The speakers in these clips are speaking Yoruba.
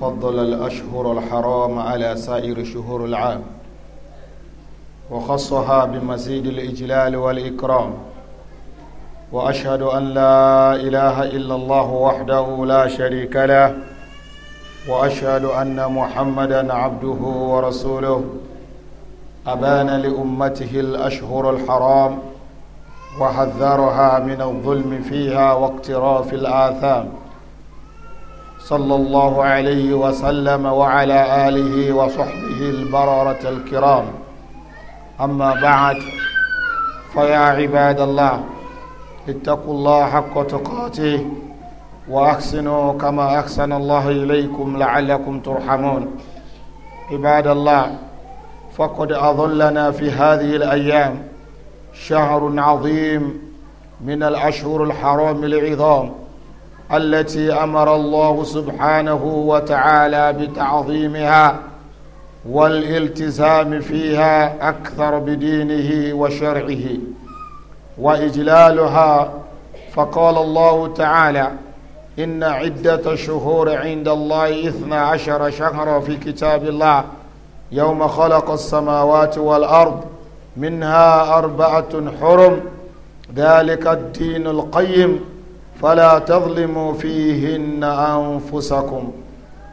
فضل الأشهر الحرام على سائر شهور العام وخصها بمزيد الإجلال والإكرام وأشهد أن لا إله إلا الله وحده لا شريك له وأشهد أن محمدا عبده ورسوله أبان لأمته الأشهر الحرام وحذرها من الظلم فيها واقتراف الآثام صلى الله عليه وسلم وعلى آله وصحبه البررة الكرام أما بعد فيا عباد الله اتقوا الله حق تقاته وأحسنوا كما أحسن الله إليكم لعلكم ترحمون عباد الله فقد أظلنا في هذه الأيام شهر عظيم من الأشهر الحرام العظام التي أمر الله سبحانه وتعالى بتعظيمها والالتزام فيها أكثر بدينه وشرعه وإجلالها فقال الله تعالى إن عدة شهور عند الله إثنى عشر شهرا في كتاب الله يوم خلق السماوات والأرض منها أربعة حرم ذلك الدين القيم فلا تظلموا فيهن أنفسكم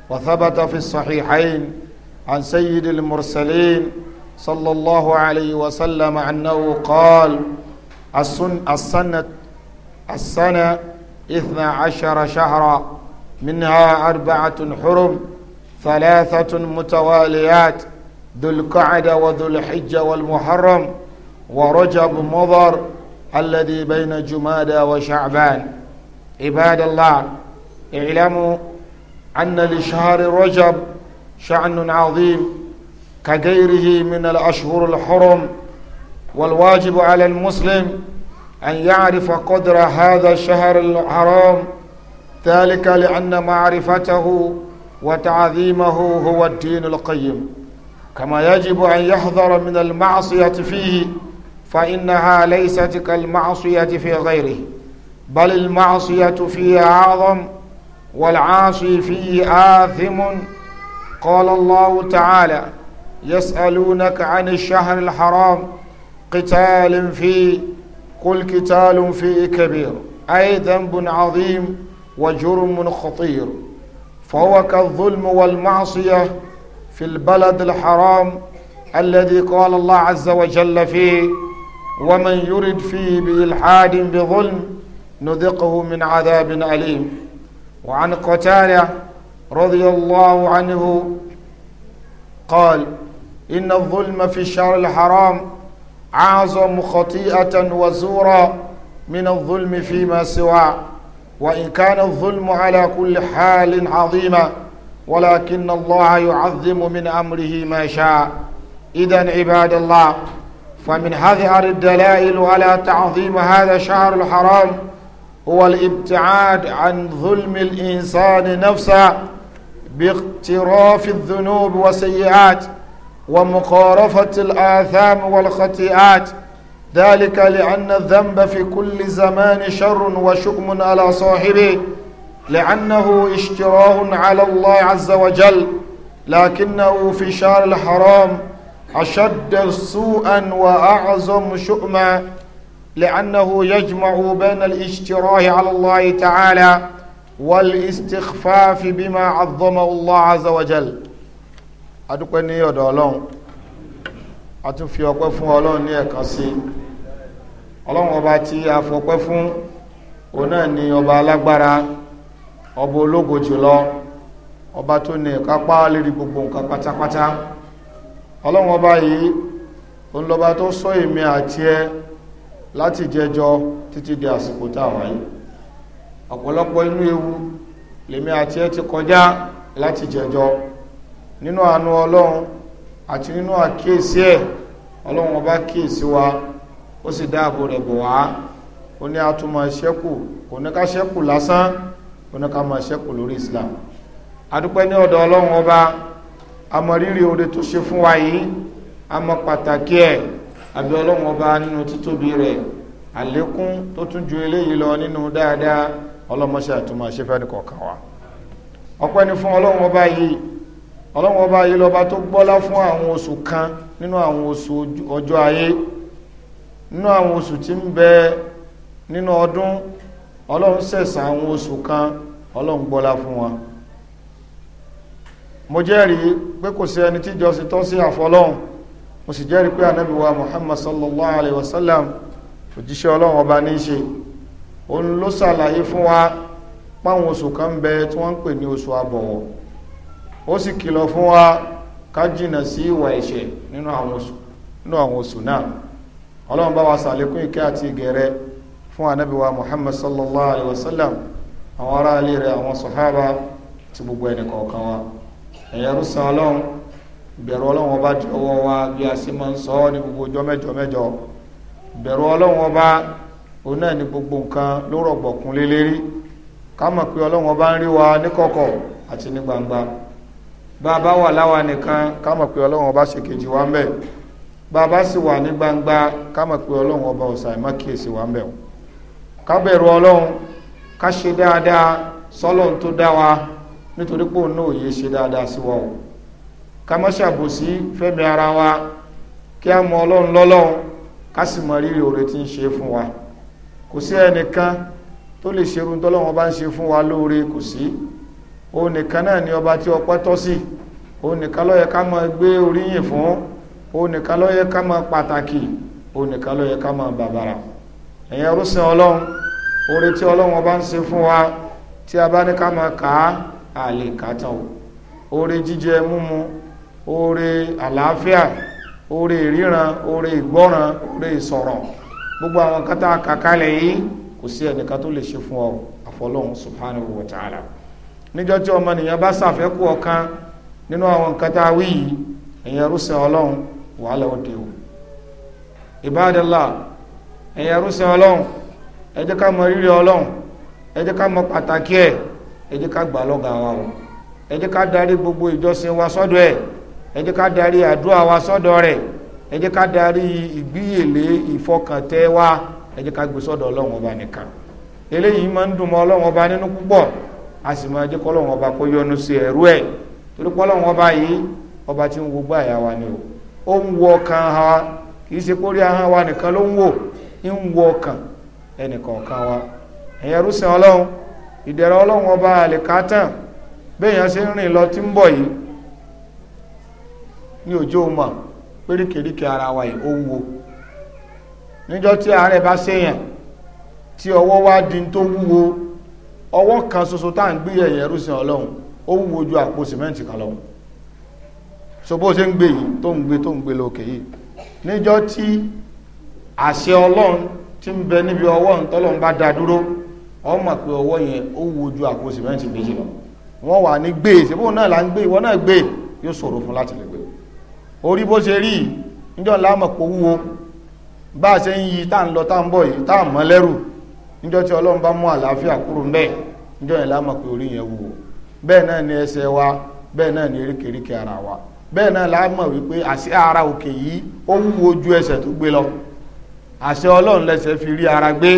وثبت في الصحيحين عن سيد المرسلين صلى الله عليه وسلم أنه قال السنة السنة السنة إثنى عشر شهرا منها أربعة حرم ثلاثة متواليات ذو القعدة وذو الحجة والمحرم ورجب مضر الذي بين جمادى وشعبان عباد الله اعلموا أن لشهر رجب شأن عظيم كغيره من الأشهر الحرم والواجب على المسلم أن يعرف قدر هذا الشهر الحرام ذلك لأن معرفته وتعظيمه هو الدين القيم كما يجب أن يحذر من المعصية فيه فإنها ليست كالمعصية في غيره بل المعصية فيه أعظم والعاصي فيه آثم قال الله تعالى يسألونك عن الشهر الحرام قتال فيه قل قتال فيه كبير أي ذنب عظيم وجرم خطير فهو كالظلم والمعصية في البلد الحرام الذي قال الله عز وجل فيه ومن يرد فيه بإلحاد بظلم نذقه من عذاب أليم وعن قتالة رضي الله عنه قال إن الظلم في الشهر الحرام أعظم خطيئة وزورا من الظلم فيما سواه وإن كان الظلم على كل حال عظيما ولكن الله يعظم من أمره ما شاء إذا عباد الله فمن هذه الدلائل على تعظيم هذا الشهر الحرام هو الابتعاد عن ظلم الإنسان نفسه باقتراف الذنوب والسيئات ومقارفة الآثام والخطيئات ذلك لأن الذنب في كل زمان شر وشؤم على صاحبه لأنه اشتراه على الله عز وجل لكنه في شار الحرام أشد سوءا وأعظم شؤما لأنه يجمع بين الاشتراه على الله تعالى والاستخفاف بما عظمه الله عز وجل adúpẹ́ ní ọ̀dọ̀ ọlọ́run a tún fi ọpẹ́ fún ọlọ́run ní ẹ̀kan sí ọlọ́run ọba tí a fọpẹ́ fún òun náà ni ọba alágbára ọba ológo jùlọ ọba tó ní ìkápá lérí gbogbo nǹkan pátápátá ọlọ́run ọba yìí òun lọ́ba tó sọ èmi àti ẹ láti jẹjọ títí di àsìkò tá a wáyé ọ̀pọ̀lọpọ̀ inú ewu lèmi àti ẹ ti kọjá láti jẹjọ nínú àánú ọlọ́run àti nínú àkíyèsí ẹ̀ ọlọ́run ọba kíyèsí wa ó sì dáàbò rẹ̀ bò wá ó ní atúmọ̀ ṣẹ́kù kò ní ká ṣẹ́kù lásán kò ní ká máa ṣẹ́kù lórí Islam adúpẹ́ ní ọ̀dọ̀ ọlọ́run ọba àmọ́ rírì oore tó ṣe fún wa yìí àmọ́ pàtàkì ẹ̀ àbí ọlọ́run ọba nínú títóbi rẹ̀ àlékún tó tún ju eléyìí lọ nínú dáadáa ọlọ́mọṣẹ́ àtúmọ̀ ṣẹ́fẹ́ni kọ̀ọ̀kan wa ọpẹ́ ni fún ọlọ́run ọba yìí ọlọ́run ọba yìí lọ́ba tó gbọ́lá fún àwọn oṣù kan nínú àwọn oṣù ọjọ́ ayé nínú àwọn oṣù tí ń bẹ nínú ọdún ọlọ́run sẹ̀sà àwọn oṣù kan ọlọ́run gbọ́lá fún wa mo jẹ́rìí pé kò sí ẹni tí jọ́sìn tọ́ sí àfọlọ́run mo sì jẹ́rìí pé ànábì wa muhammad sallallahu alayhi wa sallam òjíṣẹ́ ọlọ́run ọba ní í ṣe òun ló ṣàlàyé fún wa páwọn oṣù kan bẹ tí wọ́n ń pè ní oṣù àbọ̀wọ̀ ó sì kìlọ̀ fún wa ká jìnà sí ìwà ẹ̀ṣẹ̀ nínú àwọn oṣù náà ọlọ́run bá wa ṣàlékún ìkẹ́ àti ìgẹ̀rẹ́ fún ànábì wa muhammad sallallahu alayhi wa sallam àwọn ará ilé àwọn sàhábà ti gbogbo ẹnì kọ̀ọ̀kan wa ẹ̀yẹ́rú san bẹ̀rù ọlọ́run ọba di ọwọ́ wa bí a sì máa ń sọ ọ́ ní gbogbo ọjọ́ mẹ́jọ mẹ́jọ bẹ̀rù ọlọ́run ọba òun náà ni gbogbo nǹkan ló rọ̀gbọ̀kún lé lérí ká mọ̀ pé ọlọ́run ọba ń rí wa níkọ̀kọ̀ àti ní gbangba bá a bá wà láwa nìkan ká mọ̀ pé ọlọ́run ọba ṣe kejì wa ń bẹ̀ bá a bá sì wà ní gbangba ká mọ̀ pé ọlọ́run ọba ọ̀sà ìmọ̀ kíyèsí wa ń ká bẹ̀rù ọlọ́run ká ṣe dáadáa sọ́lọ́run tó dá wa nítorí pé òun náà òye ṣe dáadáa sí wa o ká má ṣàbòsí fẹ́mi ara wa kí a mọ ọlọ́run lọ́lọ́run ká sì mọ rírì oore tí ń ṣe fún wa kò sí ẹnìkan tó lè ṣerú tọ́lọ́run bá ń ṣe fún wa lóore kò sí òun nìkan náà ni ọba tí ọpẹ́ tọ́ sí òun nìkan ló yẹ ká mọ gbé oríyìn fún òun nìkan ló yẹ ká mọ pàtàkì òun nìkan ló yẹ ká mọ bàbàrà ẹ̀yẹn rúṣin ọlọ́run oore tí ọlọ́run ọba ń ṣe fún wa tí a bá ní ká mọ kà á àlè kàtàn o oore jíjẹ múmu oore àlàáfíà oore ìríran oore riran oore re gbogbo àwọn kátà kàkálẹ̀ yìí kò sí ẹnìkan tó lè ṣe fún ọ àfọlọ́hún subhanahu wa ta'ala níjọ́ tí ọmọnìyàn bá ṣàfẹ́kù ọ̀kan nínú àwọn kátà wàhálà òde o ibadallah ẹ̀yẹn rúṣẹ́ ọlọ́run ẹ ká mọ rírì ọlọ́run ẹ ká mọ pàtàkì ẹ jẹ́ ká gbà lọ́gàá wa o ẹ ká darí gbogbo ìjọsìn wa ẹ jẹ́ ká darí àdúrà wa sọ́dọ̀ rẹ̀ ẹ ká darí wa ká gbé ọba nìkan eléyìí máa ń dùn mọ́ ọba nínú púpọ̀ a sì máa jẹ́ ọba kó yọ́nú sí torí ọba yìí ọba tí ń wo àyà wa ni o ó ń wo ọkàn ha kì í ṣe kórí ahọ́n wa nìkan ló ọba àlèkátàn bẹ́ẹ̀ yẹn ṣe ń rìn lọ tí ń ní òjò mọ̀ péríkèríkè ara wa yìí ó wúwo níjọ́ tí àárẹ̀ bá séèyàn tí ọwọ́ wá di tó wúwo ọwọ́ kan ṣoṣo tá à ń gbé ẹ̀yẹ̀ ẹrúsìn ọlọ́run ó wúwo ju àpò sìmẹ́ǹtì kan lọ so bó ṣe ń gbé yìí tó ń gbé tó ń gbé lókè yìí níjọ́ tí àṣẹ ọlọ́run tí ń bẹ níbi ọwọ́ ntọ́lọ́run bá dá dúró wọ́n pé ọwọ́ yẹn ó wo ju àpò sìmẹ́ǹtì méjì lọ wọ́n wà ní gbé ìṣẹ́bó náà là ń gbé ìwọ náà gbé yóò ṣòro fún láti lè orí bó ṣe rí níjọ́ láàmọ̀ pò wúwo bá a ṣe ń yí tá ń lọ tá ń bọ̀ yìí tá mọ́ lẹ́rù níjọ́ tí ọlọ́run bá mú àlàáfíà kúrò ń níjọ́ ni ẹsẹ̀ wa bẹ́ẹ̀ náà ni eríkèríkè ara wa bẹ́ẹ̀ náà láàmọ̀ wípé àṣẹ ara òkè yìí ó wúwo ju ẹsẹ̀ tó gbé lọ àṣẹ ọlọ́run lẹ́sẹ̀ fi rí ara gbé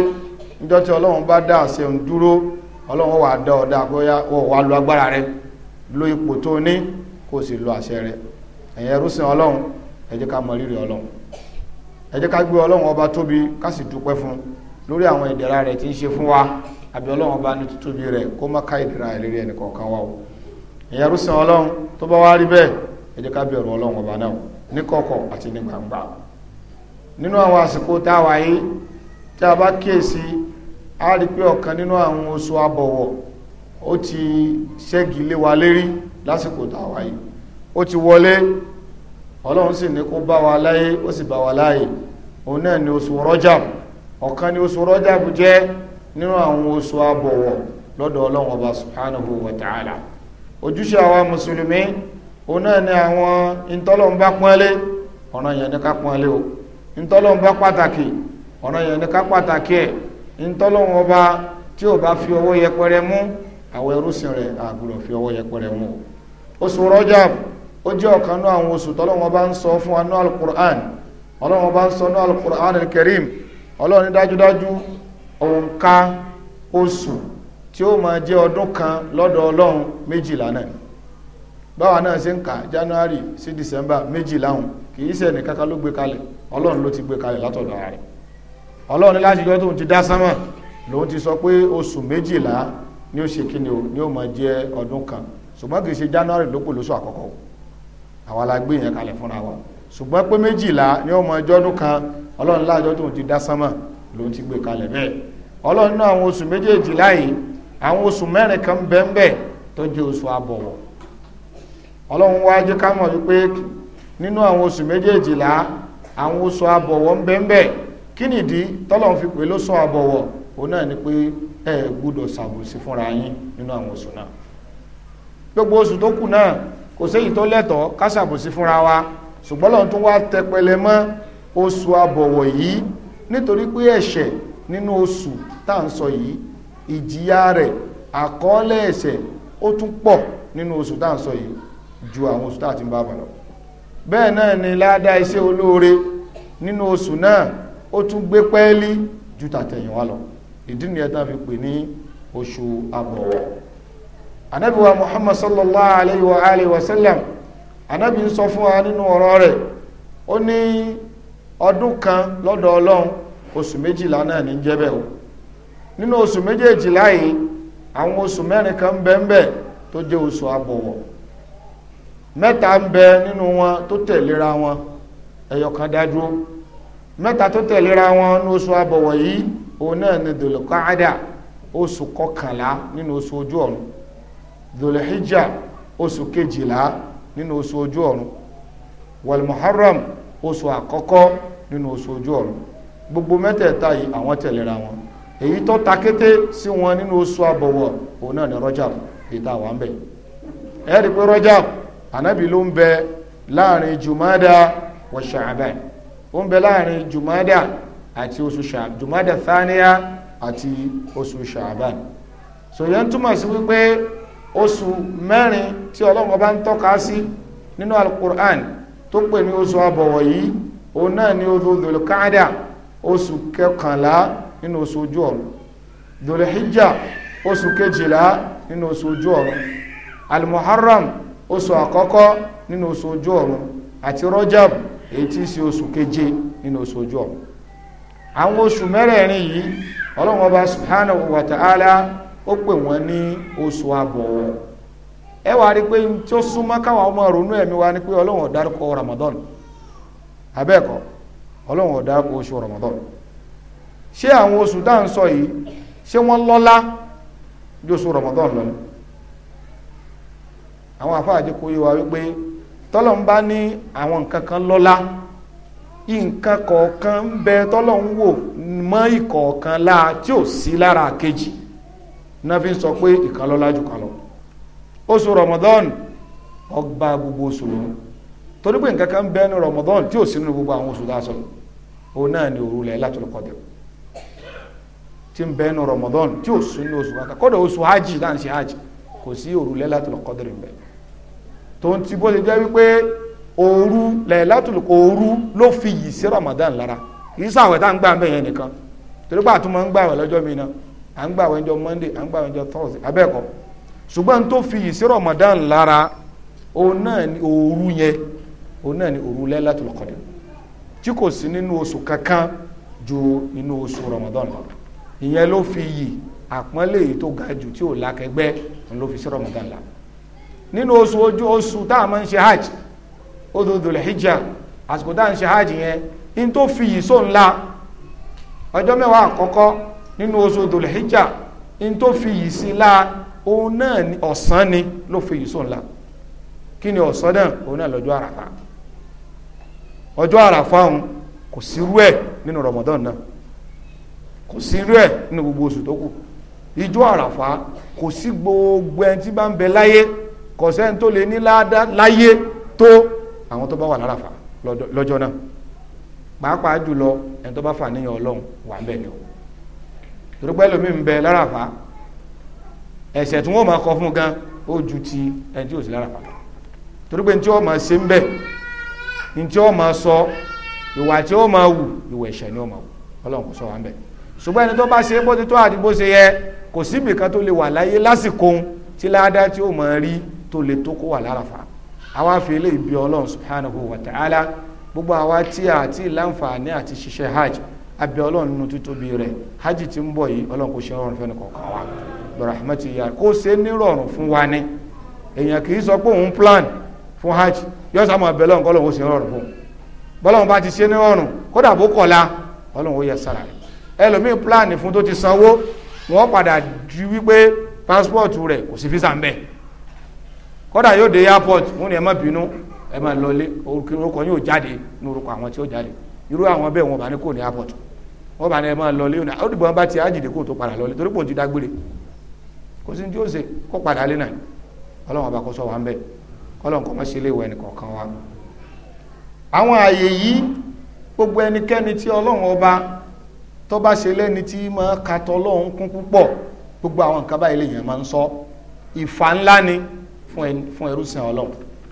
níjọ́ tí ọlọ́run bá dá àṣẹ ń dúró ọlọ́run wà dá bóyá wọ́n lo rẹ lo ipò tó ní kó sì lo rẹ ẹ̀yin ẹrúsìn ọlọ́run ẹ ká rírì ọlọ́run gbé ọlọ́run ọba tóbi ká sì dúpẹ́ fún lórí àwọn ìdẹ̀ra rẹ̀ tí ń ṣe fún wa àbí ọlọ́run ọba ní tóbi rẹ̀ kó má ká ìdẹ̀ra ìlérí wa o ọlọ́run tó bá wá rí bẹ́ẹ̀ ká bẹ̀rù ọlọ́run ọba náà ní kọ̀kọ̀ àti ní gbangba nínú àwọn àsìkò tá a wáyé tí a bá kíyèsí ọlọ́run sì ní kó bá wa láyé ó sì bá wa láyé òun náà ni oṣù Rajab ọ̀kan ni oṣù Rajab jẹ́ nínú àwọn oṣù abọ̀wọ̀ lọ́dọ̀ ọlọ́run ọba subhanahu wa ta'ala ojúṣe àwa mùsùlùmí òun náà ni àwọn ìtọ́lọ́run bá pọ́nlé ọ̀nà yẹn ní ká pọ́nlé o ìtọ́lọ́run bá pàtàkì ọ̀nà yẹn ní ká pàtàkì ẹ̀ ìtọ́lọ́run ọba tí ò bá fi ọwọ́ yẹpẹrẹ mú àwọn ẹrúsìn rẹ̀ àgùrọ̀ fi ọwọ́ yẹpẹrẹ mú oṣù Rajab ó jẹ́ ọ̀kan náà àwọn oṣù tọ́lọ́wọ́n bá ń sọ fún wa náà alukur'an ọlọ́wọ́n bá ń sọ náà alukur'an alkarim ọlọ́wọ́n ní dájúdájú òǹkà oṣù tí ó máa jẹ́ ọdún kan lọ́dọ̀ ọlọ́run méjìlá náà báwa náà ṣe ń kà january sí december méjìlá hùn kì í ṣe nìkan kan ló gbé kalẹ̀ ọlọ́run ló ti gbé kalẹ̀ látọ̀dọ̀ ara rẹ̀ ọlọ́run ní láti yọ tóun ti dá sánmà lòun ti sọ pé oṣù méjìlá ni ó ṣe kíni ni ó máa jẹ́ ọdún kan ṣùgbọ́n kì í ṣe january ló kù lóṣù àkọ́kọ́ o àwa la gbé yẹn kalẹ̀ fúnra wa ṣùgbọ́n pé méjìlá ní ọmọ ọjọ́dún kan ọlọ́run láàjọ tóun ti dá sánmà lòun ti gbé kalẹ̀ bẹ́ẹ̀ ọlọ́run náà àwọn oṣù méjèèjì yìí àwọn oṣù mẹ́rin kan bẹ́ẹ̀ tó jẹ́ oṣù àbọ̀wọ̀ ọlọ́run wá jẹ́ ká mọ̀ wípé nínú àwọn oṣù méjèèjìlá àwọn oṣù àbọ̀wọ̀ ń bẹ́ẹ̀ kí nìdí tọ́lọ́run fi pè lóṣù àbọ̀wọ̀ òun náà ni pé ẹ gbúdọ̀ ṣàbòsí fúnra yín nínú àwọn oṣù náà gbogbo oṣù tó kù náà kò séyìí tó lẹ́tọ̀ọ́ kásàbòsí fúnra wa ṣùgbọ́n lọ́n tún wá tẹpẹlẹ mọ́ oṣù àbọ̀wọ̀ yìí nítorí pé ẹ̀ṣẹ̀ nínú oṣù tá à ń sọ yìí ìjìyà rẹ̀ àkọọ́lẹ̀ ẹ̀ṣẹ̀ ó tún pọ̀ nínú oṣù tá à ń sọ yìí ju àwọn oṣù tá à ti ń bá bọ̀ bẹ́ẹ̀ náà ni ládá iṣẹ́ olóore nínú oṣù náà ó tún gbé pẹ́ẹ́lí ju tàtẹ̀yìnwá lọ ìdí nìyẹn tá fi pè ní oṣù àbọ̀wọ̀ anabi wa muhammad sallallahu alayhi wa alayhi wa sallam anabi ń sọ fún wa nínú ọ̀rọ̀ rẹ̀ ó ní ọdún kan lọ́dọ̀ ọlọ́run oṣù méjìlá náà ní jẹ́bẹ̀ o nínú oṣù méjèèjìlá yìí àwọn oṣù mẹ́rin kan ń bẹ ń bẹ tó jẹ́ oṣù àbọ̀wọ̀ mẹ́ta ń bẹ nínú wọn tó tẹ̀léra wọn ẹyọ kan dádúró mẹ́ta tó tẹ̀léra wọn ní oṣù àbọ̀wọ̀ yìí òun náà ni dòlùkọ́ àdà oṣù kọkànlá nínú oṣù ojú ọ̀run dùlẹ̀híjà oṣù kejìlá nínú oṣù ojú ọ̀run wàlmuharram oṣù àkọ́kọ́ nínú oṣù ojú ọ̀run gbogbo mẹ́tẹ̀ẹ̀ta yìí àwọn tẹ̀lera wọn èyí tó ta kété sí wọn nínú oṣù àbọ̀wọ̀ òun náà ni Rajab ìta wà ń bẹ̀ ẹ rí pé Rajab ànábì ló ń bẹ láàrin jùmádà wọ Sha'ban ó ń bẹ láàrin jùmádà àti oṣù Sha'ban jùmádà thaniya àti oṣù Sha'ban sòyẹ́ ń túmọ̀ sí wípé oṣù mẹ́rin tí ọlọ́run ọba ń tọ́ka sí nínú alukur'an tó pè ní oṣù àbọ̀wọ̀ yìí òun náà ni oṣù dòlùkáàdà oṣù kẹkànlá nínú oṣù ojú ọ̀run dòlùhíjà oṣù kejìlá nínú oṣù ojú ọ̀run alimuharram oṣù àkọ́kọ́ nínú oṣù ojú ọ̀run àti rọ́jàb èyí tí í ṣe oṣù keje nínú oṣù ojú ọ̀run àwọn oṣù mẹ́rẹ̀ẹ̀rin yìí ọlọ́run ọba subhanahu wa ta'ala ó pè wọ́n ní oṣù àbọ̀ ẹ wá rí pé tí ó súnmọ́ káwọn ọmọ ronú ẹ̀mí wa ni pé ọlọ́run ò Ramadan abẹ́ẹ̀kọ́ ọlọ́run ò dárúkọ oṣù Ramadan ṣé àwọn oṣù dá ń sọ yìí ṣé wọ́n lọ́lá ju oṣù Ramadan lọ àwọn àfáàjẹ kò yé wa wípé tọ́lọ́n bá ní àwọn nǹkan kan lọ́lá nǹkan kọ̀ọ̀kan bẹ tọ́lọ́n wò mọ́ ìkọ̀ọ̀kan láà tí ò sí lára kejì. náà fi sọ pé ìkan lọ́lá Ramadan ọgbà gbogbo oṣù lòun torí pé nǹkan kan ní Ramadan tí ò sí nínú gbogbo àwọn oṣù dáṣọ òun náà ni òru Laylatul Qadr tí ń bẹ ní Ramadan tí ò sí nínú oṣù oṣù hajj náà ń ṣe hajj kò sí ń tó ń ti bó ṣe jẹ́ wípé òru Laylatul òru ló fi yìí sí Ramadan lára kì í sáwẹ̀ tá ń gbà nìkan torí pé àtúmọ̀ ń gbà wẹ̀ lọ́jọ́ à ń gbà àwọn ẹjọ́ monday à ń gbà àwọn ẹjọ́ thursday abẹ́ẹ̀kọ́ ṣùgbọ́n tó fi ìsí ramadan lára òun náà ni òru yẹn òun náà ni òru Lailatul Qadr tí kò sí nínú oṣù kankan ju inú oṣù ramadan lọ ìyẹn ló fi yìí àpọ́nlé èyí tó ga jù tí ò lákẹgbẹ́ ló fi sí ramadan la nínú oṣù ojú oṣù tá a máa ń ṣe hajj odòdòlè hijja àsìkò tá a ń ṣe hajj yẹn in tó fi yìí sóun ọjọ́ mẹ́wàá àkọ́kọ́ nínú oṣù dòlẹ́hìjà in tó fi yìí sí la òun náà ọ̀sán ni ló fi yìí sùn la kí ni ọ̀sán náà òun náà lọ́jọ́ àràfà ọjọ́ àràfà òun kò sí irú ẹ̀ nínú Ramadan náà kò sí irú ẹ̀ nínú gbogbo oṣù tó kù ìjọ àràfà kò sí gbogbo ẹni tí bá ń bẹ láyé kò sẹ́ni tó lè ní láyé tó àwọn tó bá wà láràfà lọ́jọ́ náà pàápàá jùlọ ẹni tó bá fà níyàn Ọlọ́run wà ń bẹ̀ ni o torípẹ́ lómi ń bẹ láràfà ẹ̀ṣẹ̀ tí wọ́n máa kọ fún gan ó ju ti ẹni tí ò sí láràfà torípẹ́ ní tí wọ́n máa ṣe ń bẹ̀ ní tí wọ́n máa sọ ìwà tí wọ́n máa wù ìwà ẹ̀ṣẹ̀ ni wọ́n máa wù ọlọ́run kò sọ wá ń bẹ̀ ṣùgbọ́n ẹni tó bá ṣe bó ti tó àti bó ṣe yẹ kò síbì kan tó lè wà láyé lásìkò tí ládá tí ó máa rí tó lè tó kó wà láràfà àwa fi eléyìí bí ọlọ́run subhanahu wa ta'ala gbogbo àwa tí a ti láǹfààní àti ṣiṣẹ́ hajj abẹ́ ọlọ́run nínú títóbi rẹ̀ hajj ti ń bọ̀ yìí ọlọ́run kò ṣe rọrùn fẹ́ni kọ̀ọ̀kan wa rahmatu ya kó ṣe nírọ̀rùn fún wa ni èèyàn kì í sọ pé òun plan fún hajj yọ sá máa bẹ lọ́run kọ́ lọ́run ó ṣe rọrùn fún bọ́lọ́run bá ti ṣe nírọ̀rùn kódà bó kọ̀la ọlọ́run ó yẹ sára rẹ̀ ẹlòmíì plan fún tó ti sanwó wọ́n padà di wípé passport rẹ̀ kò sí visa ń kódà yóò dé airport wọ́n ní ẹ má bínú ẹ má lọlé orúkọ yóò jáde ní orúkọ àwọn tí ó jáde irú àwọn bẹ́ẹ̀ wọn bá ní kò ní airport wọ́n bá ní ẹ máa lọ lé òní ó dìbò wọn bá ti ájìdè kó tó padà lọ lé torí pò ti dágbére kò sí ní tí ó ṣe kó padà lé náà ọlọ́run ọba kó sọ wa ń bẹ ọlọ́run kọ́ mọ́ sí ilé ìwẹ̀ ẹnìkọ̀ọ̀kan wa àwọn àyè yìí gbogbo ẹnikẹ́ni tí ọlọ́run ọba tó bá ṣe lẹ́ni tí máa ka tọlọ́run kún púpọ̀ gbogbo àwọn nǹkan báyìí lèèyàn máa ń sọ ìfà ńlá ni fún ẹrú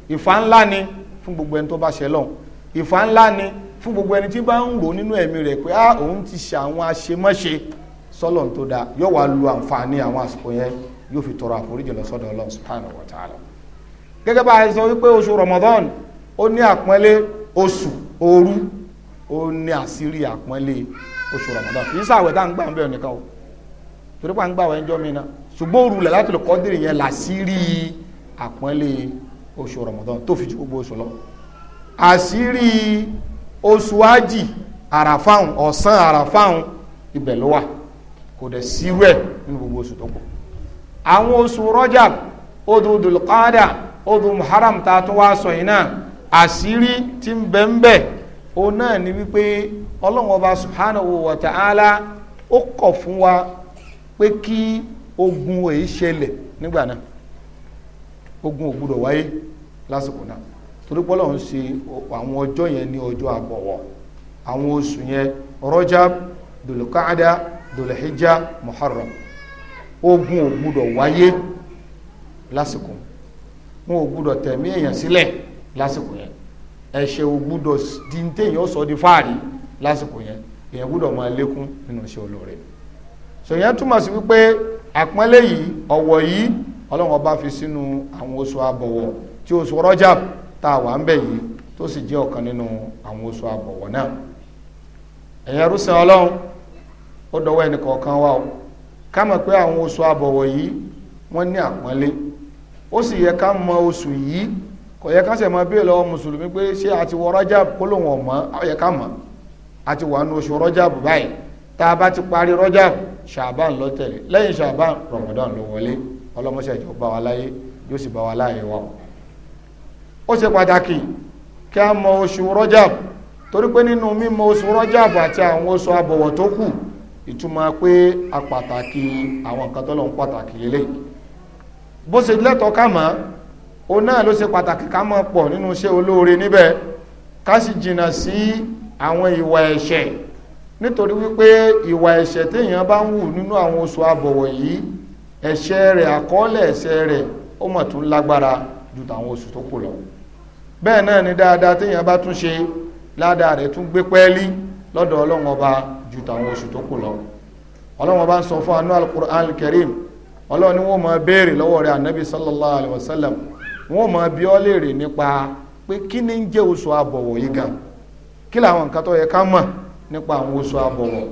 ìfà ńlá ni fún gbogbo ẹni tó bá ṣe lọ́run ìfà ńlá ni fún gbogbo ẹni tí bá ń rò nínú ẹ̀mí rẹ̀ pé ah òun ti ṣe àwọn aṣemọ́ṣe sọ́lọ̀ tó da yóò wá lu àǹfààní àwọn àsìkò yẹn yóò fi tọrọ àforíjì lọ sọ́dọ̀ Ọlọ́run subhanahu wa ta'ala gẹ́gẹ́ bá a sọ wípé oṣù Ramadan ó ní àpọ́nlé oṣù òru ó ní àṣírí àpọ́nlé oṣù Ramadan kì í sáwẹ̀ tá à ń gbà ń bẹ̀rẹ̀ nìkan o torí pa ń gbà wẹ̀ ń jọ́ mi náà ṣùgbọ́n òru lẹ̀ láti lè kọ́dìrì yẹn làṣírí àpọ́nlé oṣù Ramadan tó fi ju gbogbo oṣù lọ àṣírí oṣù ájì ọsán ọ̀sán ibẹ̀ ló wà kò dẹ̀ ẹ̀ nínú gbogbo oṣù tó kù àwọn oṣù rọ́jà odò dùlùkádà odò muharram tá a tún wá sọ yìí náà àṣírí bẹ ń náà ni wípé ọlọ́run ọba subhanahu wa ta'ala ó kọ̀ fún wa pé kí ogun èyí ṣẹlẹ̀ nígbà náà ogun ò gbúdọ̀ wáyé lásìkò torí pé Ọlọ́hun ṣe àwọn ọjọ́ yẹn ní ọjọ́ àbọ̀wọ̀ àwọn oṣù yẹn Rajab dòlùkàdá dòlùhíjà Muharram ogun ò gbúdọ̀ wáyé lásìkò wọn ò gbúdọ̀ tẹ̀mí èèyàn sílẹ̀ lásìkò yẹn ẹ̀ṣẹ̀ ò gbúdọ̀ di ní téèyàn sọ di fáàrí lásìkò yẹn èèyàn gbúdọ̀ máa lékún nínú iṣẹ́ olóore sọ̀yìn túmọ̀ sí wípé àpọ́nlé yìí ọ̀wọ̀ yìí ọlọ́run ọba fi sínú àwọn oṣù àbọ̀wọ̀ tí oṣù Rajab tá a wà ń bẹ̀ yìí tó sì jẹ́ ọ̀kan nínú àwọn oṣù àbọ̀wọ̀ náà ẹ̀yẹn rúṣin ọlọ́run ó dọwọ́ ẹnì kọ̀ọ̀kan wa o ká mọ̀ pé àwọn oṣù àbọ̀wọ̀ yìí wọ́n ní àpọ́nlé ó sì yẹ ká mọ oṣù yìí kò yẹ ká sì mọ bí lọ́wọ́ mùsùlùmí pé ṣé a wọ Rajab kó lóun ọ̀mọ́ ó yẹ ká mọ̀ a wà ní oṣù Rajab báyìí tá a bá ti parí Rajab ṣàbán ló tẹ̀lé lẹ́yìn ṣàbán Ramadan ló wọlé ọlọ́mọṣẹ́ ìjọba wa láyé yóò sì bá wa láàyè wa o ó ṣe pàtàkì kí a mọ oṣù rọ́jàb torí pé nínú mímọ oṣù rọ́jàb àti àwọn oṣù àbọ̀wọ̀ tó kù ìtumọ̀ pé a pàtàkì àwọn nǹkan tọ́lọ̀ ń pàtàkì lélẹ̀ bó ṣe lẹ́tọ̀ọ́ ká mọ̀ ó náà ló ṣe pàtàkì ká mọ̀ pọ̀ nínú iṣẹ́ olóore níbẹ̀ ká sì jìnnà sí àwọn ìwà ẹ̀ṣẹ̀ nítorí wípé ìwà ẹ̀ṣẹ̀ téèyàn bá ń wù nínú àwọn oṣù àbọ̀wọ̀ yìí ẹ̀ṣẹ̀ rẹ̀ àkọọ́lẹ̀ ẹ̀ṣẹ̀ rẹ̀ ó mọ̀ tún lágbára ju tàwọn oṣù tó kù lọ bẹ́ẹ̀ náà ni dáadáa téèyàn bá tún ṣe ládàá rẹ̀ tún gbé pẹ́ẹ́lí lọ́dọ̀ ọlọ́run ọba ju tàwọn oṣù tó kù lọ ọlọ́run ọba ń sọ fún anú al ọlọ́run ni wọ́n béèrè lọ́wọ́ rẹ̀ anabi sallallahu alayhi wa sallam wọ́n máa bi ọ́ léèrè nípa pé kí ni ń jẹ́ oṣù àbọ̀wọ̀ yìí gan kí làwọn nǹkan yẹ ká mọ̀ nípa àwọn oṣù àbọ̀wọ̀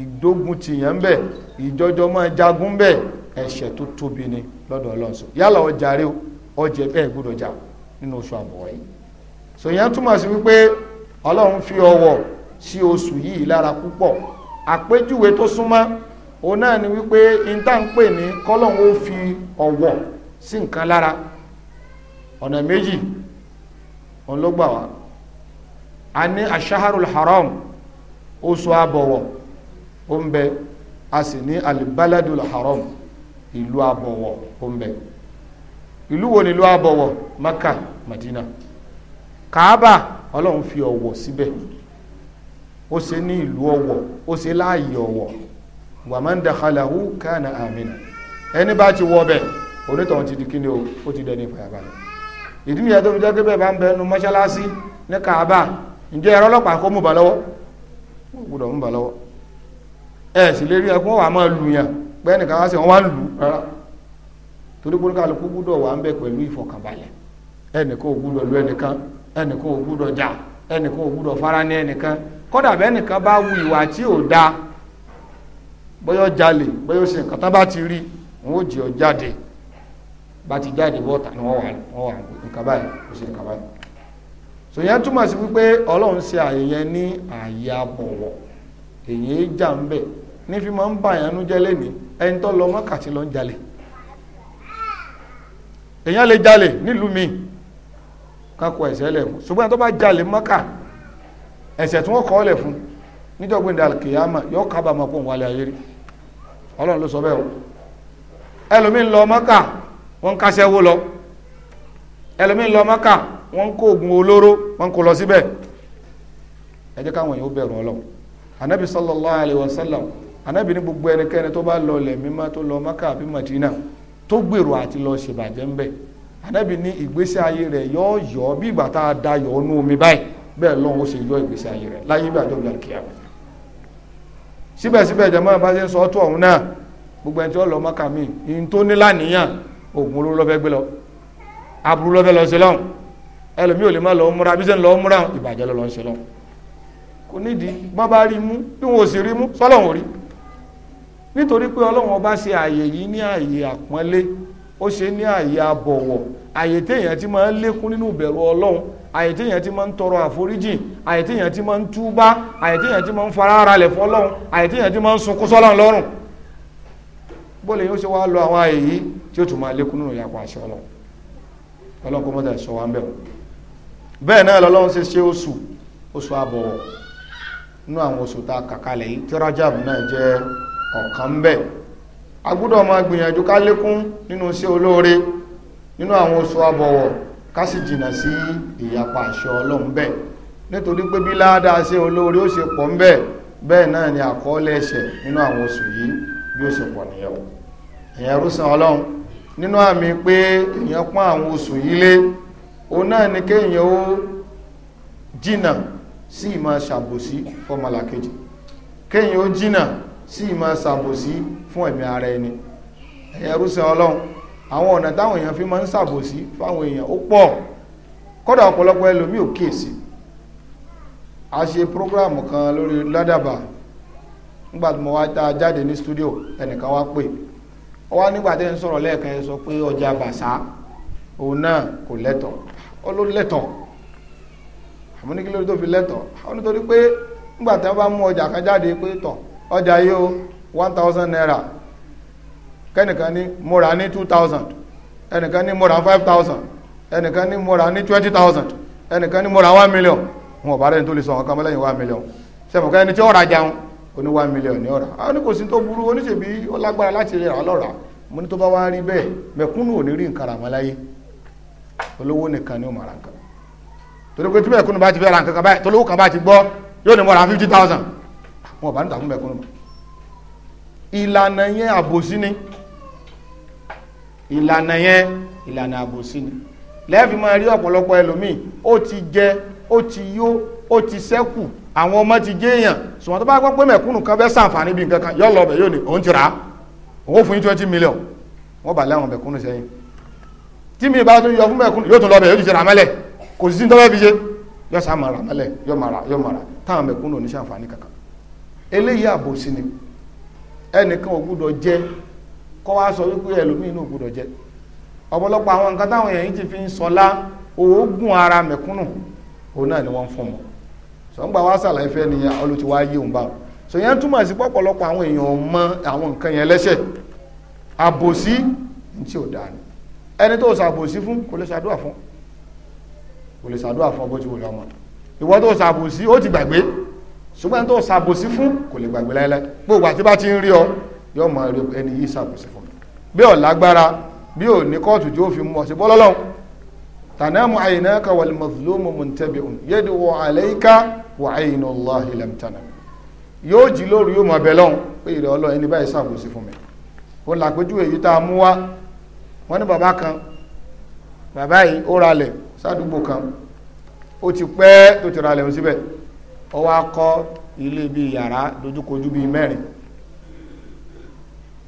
ìdógun tìyàn bẹ̀ ìjọjọ́ máa jagun bẹ̀ ẹ̀ṣẹ̀ tó tóbi ni lọ́dọ̀ ọlọ́sọ yálà ọjà rí ọjẹ bẹ́ẹ̀ gbọ́dọ̀ jà nínú oṣù àbọ̀wọ̀ yìí sòyàn túmọ̀ sí wípé ọlọ́run fi ọwọ́ sí oṣù yìí lára púpọ̀ àpéjúwe tó súnmọ́ òun náà ni wípé ìta ń pè ní kọ́lọ́run ó fi ọwọ́ sí nǹkan lára ọ̀nà méjì òun ló gbà wá a ní aṣáharul haram oṣù àbọ̀wọ̀ ó ń bẹ a sì ní alibaladul haram ìlú abọ̀wọ̀ ó ìlú wo ni ìlú abọ̀wọ̀ maka madina kaaba ọlọ́run fi ọ̀wọ̀ síbẹ̀ ó ṣe ní ìlú ọ̀wọ̀ ó ṣe láàyè ọ̀wọ̀ wàmán dàkàlàhù kánà àmìnà ẹni bá ti wọ bẹ́ẹ̀ onítọ̀hún ti di kíni o ó ti dẹni ìfàyàbalẹ̀ ìdí nìyẹn tó fi jẹ́ bẹ́ẹ̀ bá ń bẹnu mọ́ṣáláṣí ní kaaba ǹjẹ́ ẹ̀rọ ọlọ́pàá kó mú ba gbọ́dọ̀ mú ba ẹ sì lè rí ẹkún wà máa lu yàn pé ẹnìkan wá sí wọn wá ń lù rárá torí pé gbúdọ̀ wà ń bẹ pẹ̀lú ìfọkànbalẹ̀ ẹnìkan ò lu ẹnìkan ẹnìkan ò gbúdọ̀ jà ẹnìkan ò gbúdọ̀ fara ní ẹnìkan bẹ́ẹ̀ nìkan bá wu ìwà tí ò da bóyá jalè bóyá ṣe nǹkan tán bá ti rí wọn ò jẹ́ ọ jáde bá ti jáde bọ́ta ni wọ́n ní fi máa ń bà yàn nú jẹ́ lẹ́ni ẹni tó lọ mọ́kà tí lọ ń jalè èèyàn lè jalè nílùú mi kakọ ẹ̀ṣẹ̀ lẹ̀ fún ṣùgbọ́n tó bá jalè mọ́kà ẹ̀ṣẹ̀ tí wọ́n kọ́ lẹ̀ fún níjọ́gbìn dàl kìyàmà yọ kábàámọ̀ pọ̀ wálé ayé rí ọlọ́run ló sọ bẹ́ẹ̀ o ẹlòmíín lọ mọ́kà wọ́n ń káṣẹ́wó lọ ẹlòmíín lọ mọ́kà wọ́n ń kó oògùn olóró wọ́n ń kó lọ síbẹ̀ ẹ jẹ́ káwọn èèyàn bẹ̀rù ọlọ́run anabi sallallahu alayhi wa sallam anábì ní gbogbo ẹnikẹ́ni tó bá lọ ilẹ̀ mímọ́ tó lọ mọ́kà àbí madina tó gbèrò àti lọ ṣèbàjẹ́ ń bẹ̀ anábì ní ìgbésí ayé rẹ̀ yọ́ yọ́ bí ìgbà tá a da yọ̀ ọ́nú omi báyìí bẹ́ẹ̀ lọ́hùn ó ṣe yọ ìgbésí ayé rẹ̀ láyé bí àjọ ìgbà kíyàmù síbẹ̀síbẹ̀ jẹ́mọ́ bá ṣe ń sọ ọ́ tó ọ̀hún náà gbogbo ẹni tí ó lọ mọ́kà míì ìyìn tó ní láníyàn ògùn olóró lọ́fẹ́ gbé lọ aburú lọ́fẹ́ lọ sí lọ́hùn ò lè má lọ múra bí ṣe ń múra ìbàjẹ́ lọ́ lọ́ kò nídìí bọ́n bá rí mú bí wọn ò sì rí mú sọ́lọ́hùn ò rí nítorí pé ọlọ́run ọba ṣe àyè yìí ní àyè àpọ́nlé ó ṣe ní àyè àbọ̀wọ̀ ti máa ń lékún nínú ìbẹ̀rù ọlọ́run àyè ti máa ń tọrọ àforíjì àyè téèyàn ti máa ń túbá àyè ti máa ń fara ara lẹ̀ fọlọ́run àyè ti máa ń sunkún sọ́lọ́run lọ́rùn bóòlù yóò ṣe wá lọ àwọn àyè yìí tí ó tún máa lékún nínú ìyàpọ̀ àṣẹ ọlọ́run ọlọ́run wa bẹ́ẹ̀ ṣe a ọ̀kan bẹ̀ agbúdọ̀ máa gbìyànjú ká lékún nínú iṣẹ́ olóore nínú àwọn oṣù abọ̀wọ̀ ká sì jìnà sí ìyapa àṣẹ ọlọ́run bẹ̀ nítorí pé bí ládàá iṣẹ́ olóore ó ṣe pọ̀ ń bẹ́ẹ̀ náà ni àkọọ́lẹ̀ ẹ̀ṣẹ̀ nínú àwọn oṣù yìí bí ó ṣe pọ̀ nìyẹn ọlọ́run nínú àmì pé sí ìmọ̀ ṣàbòsí fún ẹ̀mí ara ẹni ẹ̀yẹ rúṣẹ́ ọlọ́run àwọn ọ̀nà táwọn èèyàn fi máa ń ṣàbòsí fáwọn èèyàn ó pọ̀ kọ́dà ọ̀pọ̀lọpọ̀ ẹlòmíì ò kíyèsí a ṣe prógráàmù kan lórí ládàbà nígbà tí mo wá tá a jáde ní stúdíò ẹnìkan wá pè ó wá nígbà tẹ́ ń sọ̀rọ̀ lẹ́ẹ̀kan ẹ sọ pé ọjà bàṣá òun náà kò lẹ́tọ̀ ó ló lẹ́tọ̀ àmúnikí tó fi lẹ́tọ̀ ó nítorí pé nígbà tí wọ́n bá mú ọjà kan jáde pé tọ̀ ọjà yóò one thousand naira kẹ́nìkan ní mo ní two thousand ẹnìkan ní mo five thousand ẹnìkan ní mo ní twenty thousand ẹnìkan ní mo one million wọn ò bá rẹ̀ ní tó lè sọ ọ̀kan mọ́lẹ́yìn one million sẹ́fọ̀kẹ́ ẹni tí ó rà jẹun oní one million ní ọ̀rà a ní kò sí tó burú oníṣèbí ó lágbára láti rí ra lọ́ra mo ní tó bá wá rí bẹ́ẹ̀ mẹ̀kúnnù ò ní rí nǹkan rà wọn láyé olówó nìkan ni ó máa ra nǹkan torí pé tí mẹ̀kúnnù bá ti fẹ́ ra nǹkan kan báyìí tolówó kan bá ti gbọ́ yóò ní mo fifty thousand wọn bá ní tàkùn mẹ́kúnnù mọ́ ìlànà yẹn àbòsí ni ìlànà yẹn ìlànà àbòsí ni lẹ́ẹ̀fì máa rí ọ̀pọ̀lọpọ̀ ẹlòmíì ó ti jẹ ó ti yó ó ti sẹ́kù àwọn ọmọ ti jéèyàn ṣùgbọ́n tó bá gbọ́ pé mẹ̀kúnnù kan fẹ́ sàǹfààní bí nǹkan kan yọ lọ bẹ̀ yóò ní òun ti rà á owó fún yín twenty million wọ́n bà láwọn mẹ̀kúnnù sẹ́yìn tí mi bá tún yọ fún mẹ̀kúnnù yóò tún lọ bẹ̀ yóò ti ṣe ràmẹ́lẹ̀ kò sí tó fẹ́ fi ṣe yọ sá máa yọ máa yọ máa táwọn mẹ̀kúnnù ò ní sàǹfààní kankan eléyìí àbòsí ni ẹnìkan ò gbúdọ̀ jẹ kọ́ wá sọ wípé ẹlòmíín ò gbúdọ̀ jẹ ọ̀pọ̀lọpọ̀ àwọn nǹkan táwọn èèyàn yìí ti fi ń sọlá ara mẹ̀kúnnù òun náà ni wọ́n ń fún mọ́ sọ̀ǹgbà sàlàyé fẹ́ ni yé òun bá sọ yẹn túmọ̀ sí pọ̀pọ̀lọpọ̀ àwọn èèyàn mọ àwọn nǹkan yẹn lẹ́sẹ̀ àbòsí ní tí ò dáa ni ẹni tó sàbòsí fún kò lè fún kò lè ṣàdúrà fún bó ìwọ ṣùgbọ́n tó ṣàbòsí fún kò lè gbàgbé láíláí gbogbo àti bá ti ń rí ọ yóò mọ ẹni yìí ṣàbòsí fún bí ò lágbára bí ò ní kóòtù tí ó fi mọ̀ sí bọ́lọ́lọ́hún tanamu aynaka wal mazlumu muntabi'un yad'u alayka wa aynu Allahi lam tanam yóò jí lóru yóò mọ̀ bẹ̀ lọ́hún pé ìrẹ̀ ọlọ́ ẹni báyìí ṣàbòsí fún mi ó làpéjú èyí tá a mú wá wọ́n ní bàbá kan bàbá yìí ó ralẹ̀ sádùúgbò kan ó ti pẹ́ tó ti ralẹ̀ ń síbẹ̀ ó wá kọ́ ilé bíi yàrá dojúkojú bíi mẹ́rin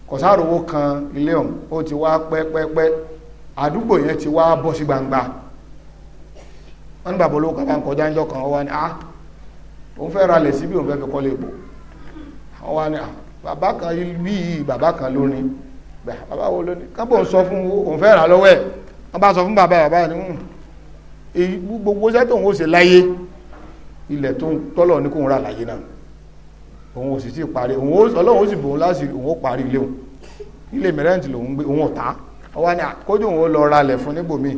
kọ̀sáàrówó kan ilé ọ̀hún ó ti wá pẹ́pẹ́pẹ́ àdúgbò yẹn ti wá bọ́ sí gbangba wọ́n ní bàbá olówó kan bá ń kọjá ńjọ́ kan ó wá ní ah òun fẹ́ ra lẹ̀ síbi òun fẹ́ fi kọ́ lè bò ó wá ní ah bàbá kan bíi bàbá kan lónìí bàbá wo lónìí kábọ̀ ń sọ fún òun fẹ́ rà lọ́wọ́ ẹ̀ wọ́n bá sọ fún bàbá bàbá ni hmm, gbogbo iṣẹ́ tóun ó ṣe láyé ilẹ̀ tó ń tọ́lọ̀ ní kóun rà láyé náà òun ò sì sí parí òun ọlọ́run ó sì bòun láti òun ó parí ilé òun ilé mẹ́rẹ́ǹtì lòun gbé òun ọ̀tá ọwọ́ ni àkójọ òun ó lọ ralẹ̀ fún níbòmí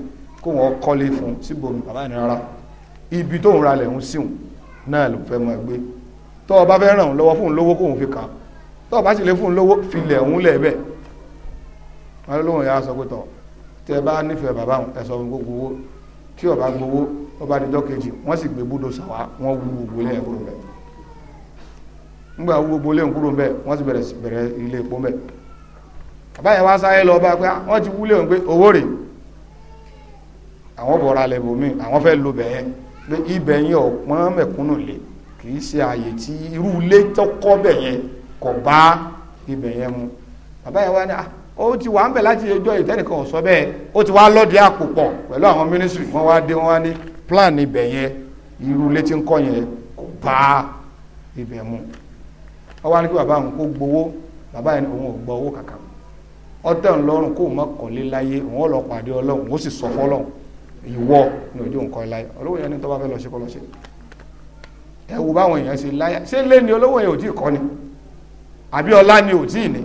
kóun ó kọ́lé fún síbòmí bàbá ní rárá ibi tóun ralẹ̀ òun síhùn náà ló fẹ́ máa gbé tọ́ ọba fẹ́ ràn lọ́wọ́ fún lówó kóun fi kàn tọ́ ọba sì lè fún lówó filẹ̀ òun lẹ̀ bẹ́ẹ̀ wọn lóun yà sọ pé tọ́ tẹ bá nífẹ̀ẹ́ bàbá ẹ sọ fún gbogbo owó tí ọba gbowó ó bá dijọ́ kejì wọ́n sì gbé búdó sàwá wọ́n wú gbogbo ilé ẹ̀kúrò bẹ̀ nígbà wú gbogbo ilé ẹ̀kúrò bẹ̀ wọ́n sì bẹ̀rẹ̀ bẹ̀rẹ̀ ilé epo bẹ̀ bàbá yẹn wá sáré lọ bá pé ah, wọ́n ti wúlé òun pé owó rè àwọn bọ̀ra lẹ̀ bòmí àwọn fẹ́ lo bẹ̀ pé ibẹ̀ yẹn ọ̀pọ̀n mẹ̀kúnnù lé kì í ṣe àyè tí irú ilé tọ́kọ́ bẹ̀ yẹn kò bá ibẹ̀ yẹn mu bàbá wá ní ah ó ti wà ń bẹ̀ láti ẹjọ́ ìtẹ́nìkan ọ̀sọ́ bẹ́ẹ̀ ó ti wá lọ́ọ̀dẹ́ àpò pọ̀ pẹ̀lú àwọn mínísírì wọ́n wá dé wọ́n wá ní plan ibẹ̀ yẹn irú ilé tí ń kọ́ yẹn kò bá ibẹ̀ mu ó wá ní kí bàbá òun kó gbowó bàbá yẹn òun ò gbọ́ owó kankan ọtẹ ńlọrùn kó má kọ́lé láyé òun ò lọ pàdé ọlọ́run ó sì sọ fọlọ́run ìwọ ní òjò ń kọ́ ẹ láyé olówó yẹn ní tó bá fẹ́ lọ ṣe kọ́ lọ ṣe ẹ wo báwọn èèyàn ṣe láyà ṣé lé ni olówó yẹn ò tí ì kọ́ ni àbí ọlá ni ò tí ì ní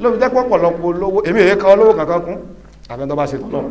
lóbi jẹ́ pọ́pọ̀lọpọ̀ olówó èmi èyí kan olówó kankan kún àbẹ́ńtọ́ bá ṣe tọ́lọ́run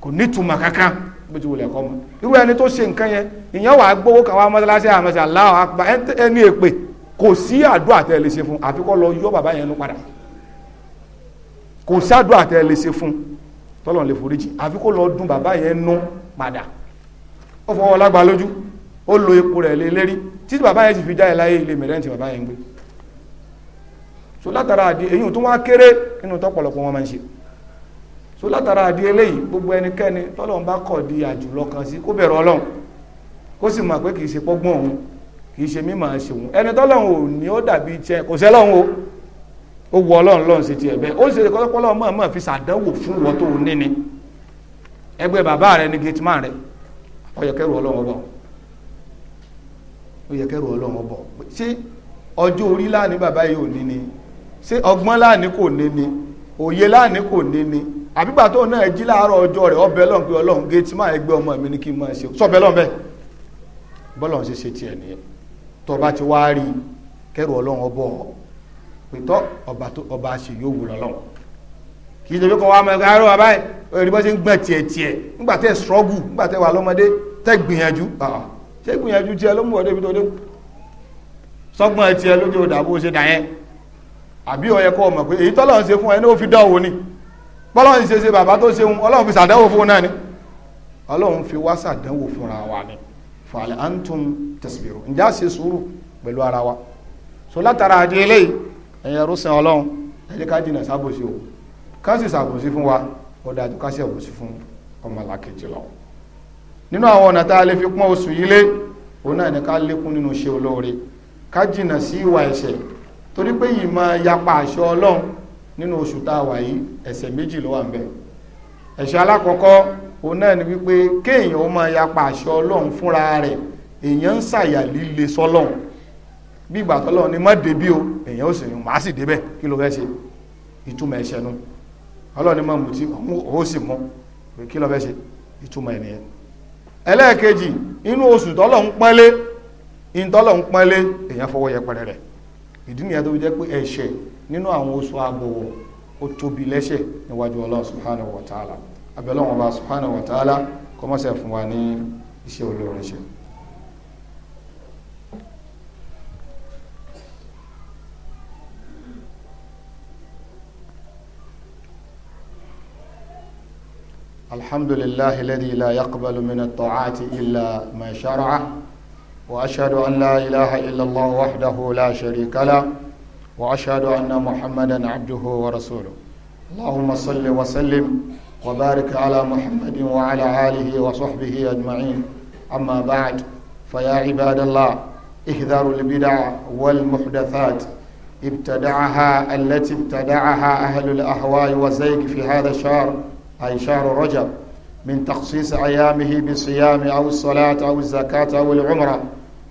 kò nítumọ̀ kankan bí ti wulẹ̀ kọ́ mọ̀ irú ẹni tó ṣe nǹkan yẹn ìyẹn wàá gbowó kan wá mọ́sálásí àmọ́sí ah, Allahu akbar ẹni èpè kò sí àdúrà tẹ́ ẹ lè ṣe fún àfi kọ́ lọ yọ bàbá yẹn nu padà kò sí àdúrà tẹ́ ẹ lè ṣe fún tọ́lọ̀ lè foríjì àfi lọ dún bàbá yẹn nu padà ó fọwọ́ lágbà lójú ó lo epo rẹ̀ lé lérí títí bàbá yẹn sì fi jáde láyé ilé mẹ̀rẹ́ǹtì bàbá yẹn gbé so látara àdé èyí tó wá kéré nínú tọ́pọ̀lọpọ̀ wọn máa ń ṣe so látara àdí eléyìí gbogbo ẹnikẹ́ni tọ́lọ́run bá kọ̀ di àjùlọ kan sí kó bẹ̀rù ọlọ́run kó sì mọ̀ pé kì í ṣe pọ́gbọ́n òun kì í ṣe mímọ̀ ṣeun ẹni tọ́lọ́run ò ní ó dàbí tiẹ̀ kò sẹ́lọ́run o ó wọ ọlọ́run lọ́run sí tiẹ̀ bẹ́ẹ̀ ó sì ṣe kọ́lọ́pọ́lọ́ mọ̀ mọ̀ fi ṣàdánwò fún wọn tó ní ni ẹgbẹ́ bàbá rẹ ni gate man rẹ ó yẹ kẹ́rù ọlọ́run ọbọ̀ ó yẹ kẹ́rù ọlọ́run ọbọ̀ àbígbà tó náà jí láàárọ̀ ọjọ́ rẹ̀ ọbẹ̀ lọ́n pé ọlọ́run géètì máa ẹgbẹ́ ọmọ mi ní kí n máa ṣe sọ́bẹ̀ lọ́n bẹ́ẹ̀ bọ́lọ̀ ṣe ṣe tiẹ̀ nìyẹn tó bá ti wá rí kẹrù ọlọ́run ọbọ̀ pẹ̀tọ́ ọba ṣe yóò wù lọ́lọ́run kì í ṣe pé kọ́ wa mọ̀ ẹ̀ka ẹ̀rọ ẹ̀ rí bọ́ ṣe ń gbọ̀n tiẹ̀ tiẹ̀ nígbà tẹ́ struggle nígbà tẹ́ wà lọ́mọdé tẹ́ gbìyànjú ah, ṣé gbìyànjú tiẹ̀ ló mú ọdẹ ibi tó dé sọ́gbọ̀n tiẹ̀ lójú ọ̀dà bó ṣe dà yẹn àbí ó yẹ bọ́lọ́run ṣe ṣe bàbá tó ṣeun ọlọ́run fi ṣàdánwò fún náà ni ọlọ́run fi wá ṣàdánwò fúnra wa ni fàlẹ́ antum tasbiru ǹjẹ́ a ṣe sùúrù pẹ̀lú ara wa so látara àdé eléyìí ẹ̀yẹ rúṣin ọlọ́run ẹ̀yẹ ká jìnà sábòsí o ká sì ṣàbòsí fún wa ó dájú ká sì ṣàbòsí fún ọmọlàkejì lọ nínú àwọn ọ̀nà tá a lè fi pọ́n oṣù yìí lé òun náà ni ká lékún nínú yapa àṣọ ọlọ́run nínú oṣù tá a wà yìí ẹ̀ṣẹ̀ méjì ló wà ń bẹ̀ ẹ̀ṣẹ̀ alákọ̀ọ́kọ́ òun náà ni wípé kéèyàn ó máa yapa àṣẹ ọlọ́run fúnra rẹ̀ èèyàn ń ṣàyà líle sọ́lọ́run bí ìgbà tọ́lọ́run ni má débí o èèyàn ó sì ní màá sì débẹ̀ kí ló fẹ́ ṣe ìtumọ̀ ẹ̀ṣẹ̀ nu ọlọ́run ni má mutí òun ó sì mú kí ló fẹ́ ṣe ìtumọ̀ ẹ̀ nìyẹn ẹlẹ́ẹ̀kejì inú oṣù tọ́lọ̀ ń nínú àwọn oṣù agbòwò ó tóbi lẹ́ṣẹ̀ níwájú Allah subhanahu wa ta'ala abẹ́lẹ́ bá subhanahu wa ta'ala kọ́mọ́sẹ̀ fún wa ní iṣẹ́ olórin ṣe. الحمد لله الذي لا يقبل من الطاعات إلا ما شرعه وأشهد أن لا إله إلا الله وحده لا شريك له واشهد ان محمدا عبده ورسوله اللهم صل وسلم وبارك على محمد وعلى اله وصحبه اجمعين اما بعد فيا عباد الله احذروا البدع والمحدثات ابتدعها التي ابتدعها اهل الاهواء والزيغ في هذا الشهر اي شهر رجب من تخصيص ايامه بالصيام او الصلاه او الزكاه او العمره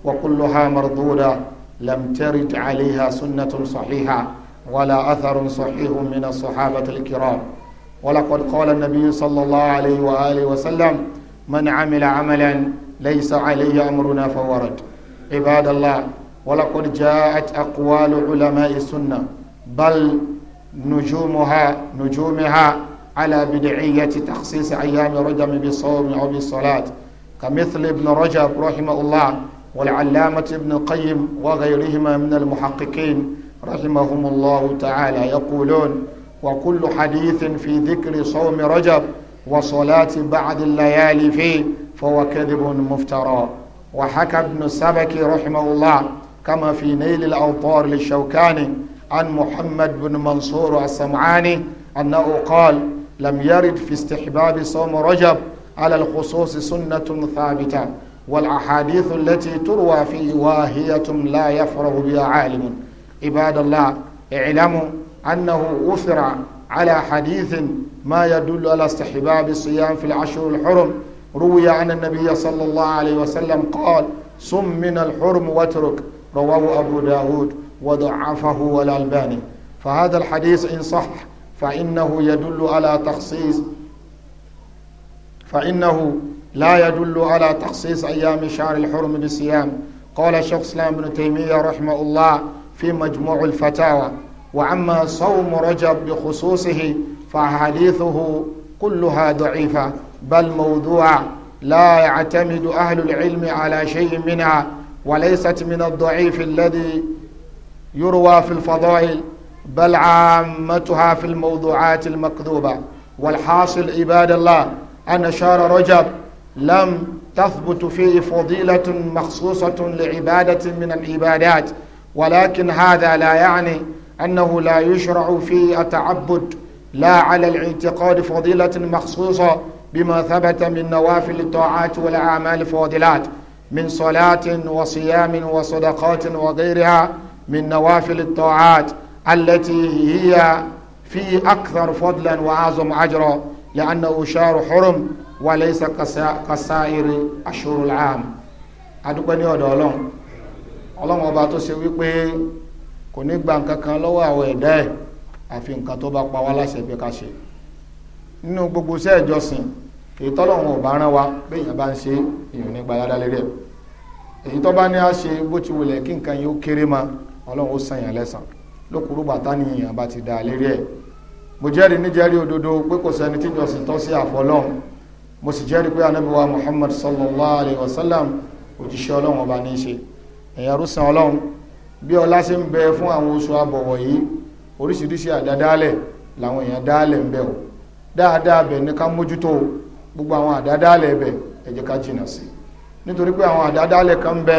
وكلها مردوده لم ترد عليها سنة صحيحة ولا أثر صحيح من الصحابة الكرام ولقد قال النبي صلى الله عليه وآله وسلم من عمل عملا ليس عليه أمرنا فورد عباد الله ولقد جاءت أقوال علماء السنة بل نجومها نجومها على بدعية تخصيص أيام رجب بالصوم أو بالصلاة كمثل ابن رجب رحمه الله والعلامة ابن القيم وغيرهما من المحققين رحمهم الله تعالى يقولون وكل حديث في ذكر صوم رجب وصلاة بعد الليالي فيه فهو كذب مفترى وحكى ابن السبك رحمه الله كما في نيل الأوطار للشوكاني عن محمد بن منصور السمعاني أنه قال لم يرد في استحباب صوم رجب على الخصوص سنة ثابتة والأحاديث التي تروى فيه واهية لا يفرغ بها عالم عباد الله اعلموا أنه أثر على حديث ما يدل على استحباب الصيام في العشر الحرم روي عن النبي صلى الله عليه وسلم قال صم من الحرم واترك رواه أبو داود وضعفه والألباني فهذا الحديث إن صح فإنه يدل على تخصيص فإنه لا يدل على تخصيص أيام شهر الحرم بالصيام قال شيخ الإسلام ابن تيمية رحمه الله في مجموع الفتاوى وأما صوم رجب بخصوصه فأحاديثه كلها ضعيفة بل موضوعة لا يعتمد أهل العلم على شيء منها وليست من الضعيف الذي يروى في الفضائل بل عامتها في الموضوعات المكذوبة والحاصل عباد الله أن شهر رجب لم تثبت فيه فضيلة مخصوصة لعبادة من العبادات ولكن هذا لا يعني أنه لا يشرع فيه التعبد لا على الاعتقاد فضيلة مخصوصة بما ثبت من نوافل الطاعات والأعمال فاضلات من صلاة وصيام وصدقات وغيرها من نوافل الطاعات التي هي في أكثر فضلا وأعظم أجرا لأنه شهر حرم وليس كسائر أشهر العام adúpẹ́ ní ọ̀dọ̀ ọlọ́run ọlọ́run ọba tó ṣe wípé kò ní gba nǹkan kan lọ́wọ́ àwọn ẹ̀dá ẹ̀ àfi nǹkan tó bá pa wá láṣẹ pé ká ṣe gbogbo iṣẹ́ ìjọsìn wa béèyàn bá ń ṣe èèyàn nígbà ládàá lérí ẹ̀ èyí tó bá ti mo jẹ́rìí ní jẹ́rìí òdodo pé kò sẹ́ni tí jọ́sìn tọ́ sí àfọlọ́hun mo sì jẹ́rìí pé ànábì muhammad sallallahu alayhi wa sallam òjíṣẹ́ ọlọ́run ọba ní í ṣe ẹ̀yà rúsan ọlọ́run bí ọlá ṣe ń bẹ fún àwọn oṣù abọ̀wọ̀ yìí oríṣiríṣi àdádálẹ̀ làwọn èèyàn dálẹ̀ ń bẹ o dáadáa bẹ̀ ní ká mójútó gbogbo àwọn àdádálẹ̀ bẹ̀ ẹ jẹ́ ká jìnà sí nítorí pé àwọn àdádálẹ̀ kan ń bẹ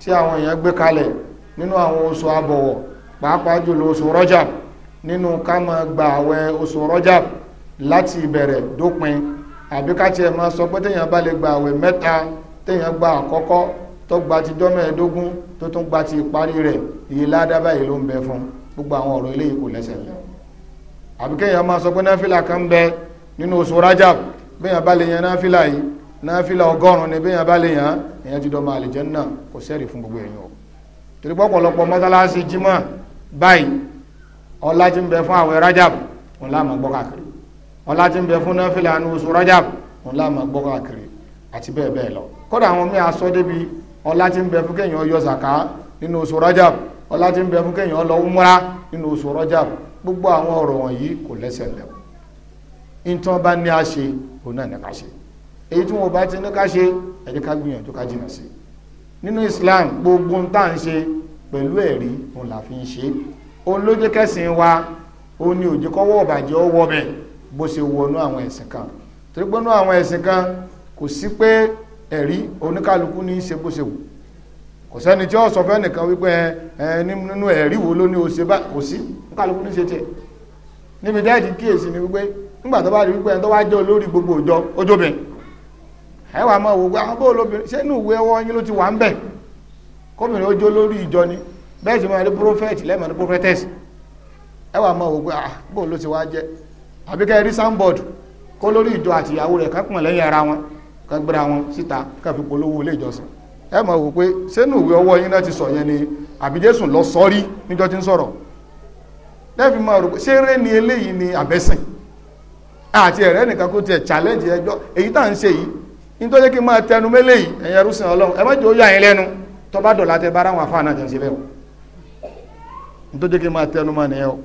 tí àwọn èèyàn gbé kalẹ̀ nínú àwọn oṣù abọ̀wọ̀ pàápàá jùlọ oṣù rọ́jà nínú ká máa gba àwẹ̀ oṣù rọ́jà láti ìbẹ̀rẹ̀ dópin àbí ká tiẹ̀ máa sọ pé téèyàn bá lè gba àwẹ̀ mẹ́ta téèyàn gba àkọ́kọ́ tó gba ti jọ́ mẹ́ẹ̀ẹ́dógún tó tún gba ti ìparí rẹ̀ iye ládàbà yìí ló ń bẹ fún gbogbo àwọn ọ̀rọ̀ eléyìí kò lẹ́sẹ̀ lẹ́ àbí kéèyàn máa sọ pé náfìlà kan bẹ nínú oṣù rọ́jà béèyàn bá lè yan náfìlà yìí náfìlà ọgọ́rùn ni béèyàn bá lè yan èèyàn ti dọ́mọ àlìjẹ́ náà kò sẹ́rì fún gbogbo èèyàn o torí pọ́pọ̀lọpọ̀ mọ́sálásí jímọ̀ báyìí ọlá tí ń bẹ fún àwẹ̀ rajab òun láàmà gbọ́ káàkiri ọlá tí ń bẹ fún náfìlà ní rajab òun láàmà gbọ́ káàkiri àti bẹ́ẹ̀ bẹ́ẹ̀ lọ kódà àwọn míì aṣọ débi ọlá tí ń bẹ fún kéèyàn yọ zaka nínú oṣù rajab ọlá tí ń bẹ fún kéèyàn lọ umra nínú oṣù rajab gbogbo àwọn ọ̀rọ̀ wọ̀nyí kò lẹ́sẹ̀ lẹ̀ ìtàn bá ní a ṣe òun náà ní ká ṣe èyí tí wọn bá ti ní ká ṣe ẹ ká gbìyànjú ká jìnà sí nínú Islam gbogbo ń tà ń ṣe pẹ̀lú ẹ̀rí òun là ń ṣe é òun ló nwa wa ni òjò kọ́wọ́ ọ̀bàjẹ́ ó wọ bẹ̀ bó ṣe wọnú àwọn ẹ̀sìn kan torí pé àwọn ẹ̀sìn kan kò sí pé ẹ̀rí oníkálukú ní í ṣe bó ṣe wù kò sẹ́ni tí ó sọ fẹ́ nìkan wípé ẹ nínú ẹ̀rí wo o ṣe bá kò sí oníkálukú ní í ṣe tiẹ̀ níbi ni wípé gbogbo òjọ ẹ máa wò pé àwọn bó olóbìnrin ṣé inú ìwé ọwọ́ yín ló ti wà bẹ́ẹ̀ sì máa rí prophet lẹ́mọ̀ ní prophetess ẹ wà máa wò pé ah bó ló ti wá jẹ́ àbí kẹ́ rí soundboard kó lórí ìjọ àtìyàwó rẹ̀ ká pọ̀n lẹ́yìn ara wọn ká gbéra wọn síta ká fi polówó ilé ìjọsìn ẹ máa wò pé sẹ́nu ìwé ọwọ́ yín náà ti sọ yẹn ni àbí Jésù lọ sọ́rí níjọ́ ń sọ̀rọ̀ máa rò pé ṣé eré ni eléyìí ni àbẹ́sìn àti ẹ̀rẹ́ nìkan kó tiẹ̀ challenge ẹjọ́ èyí tá à ń nítorí kí n máa tẹnu mọ́ nìyẹn o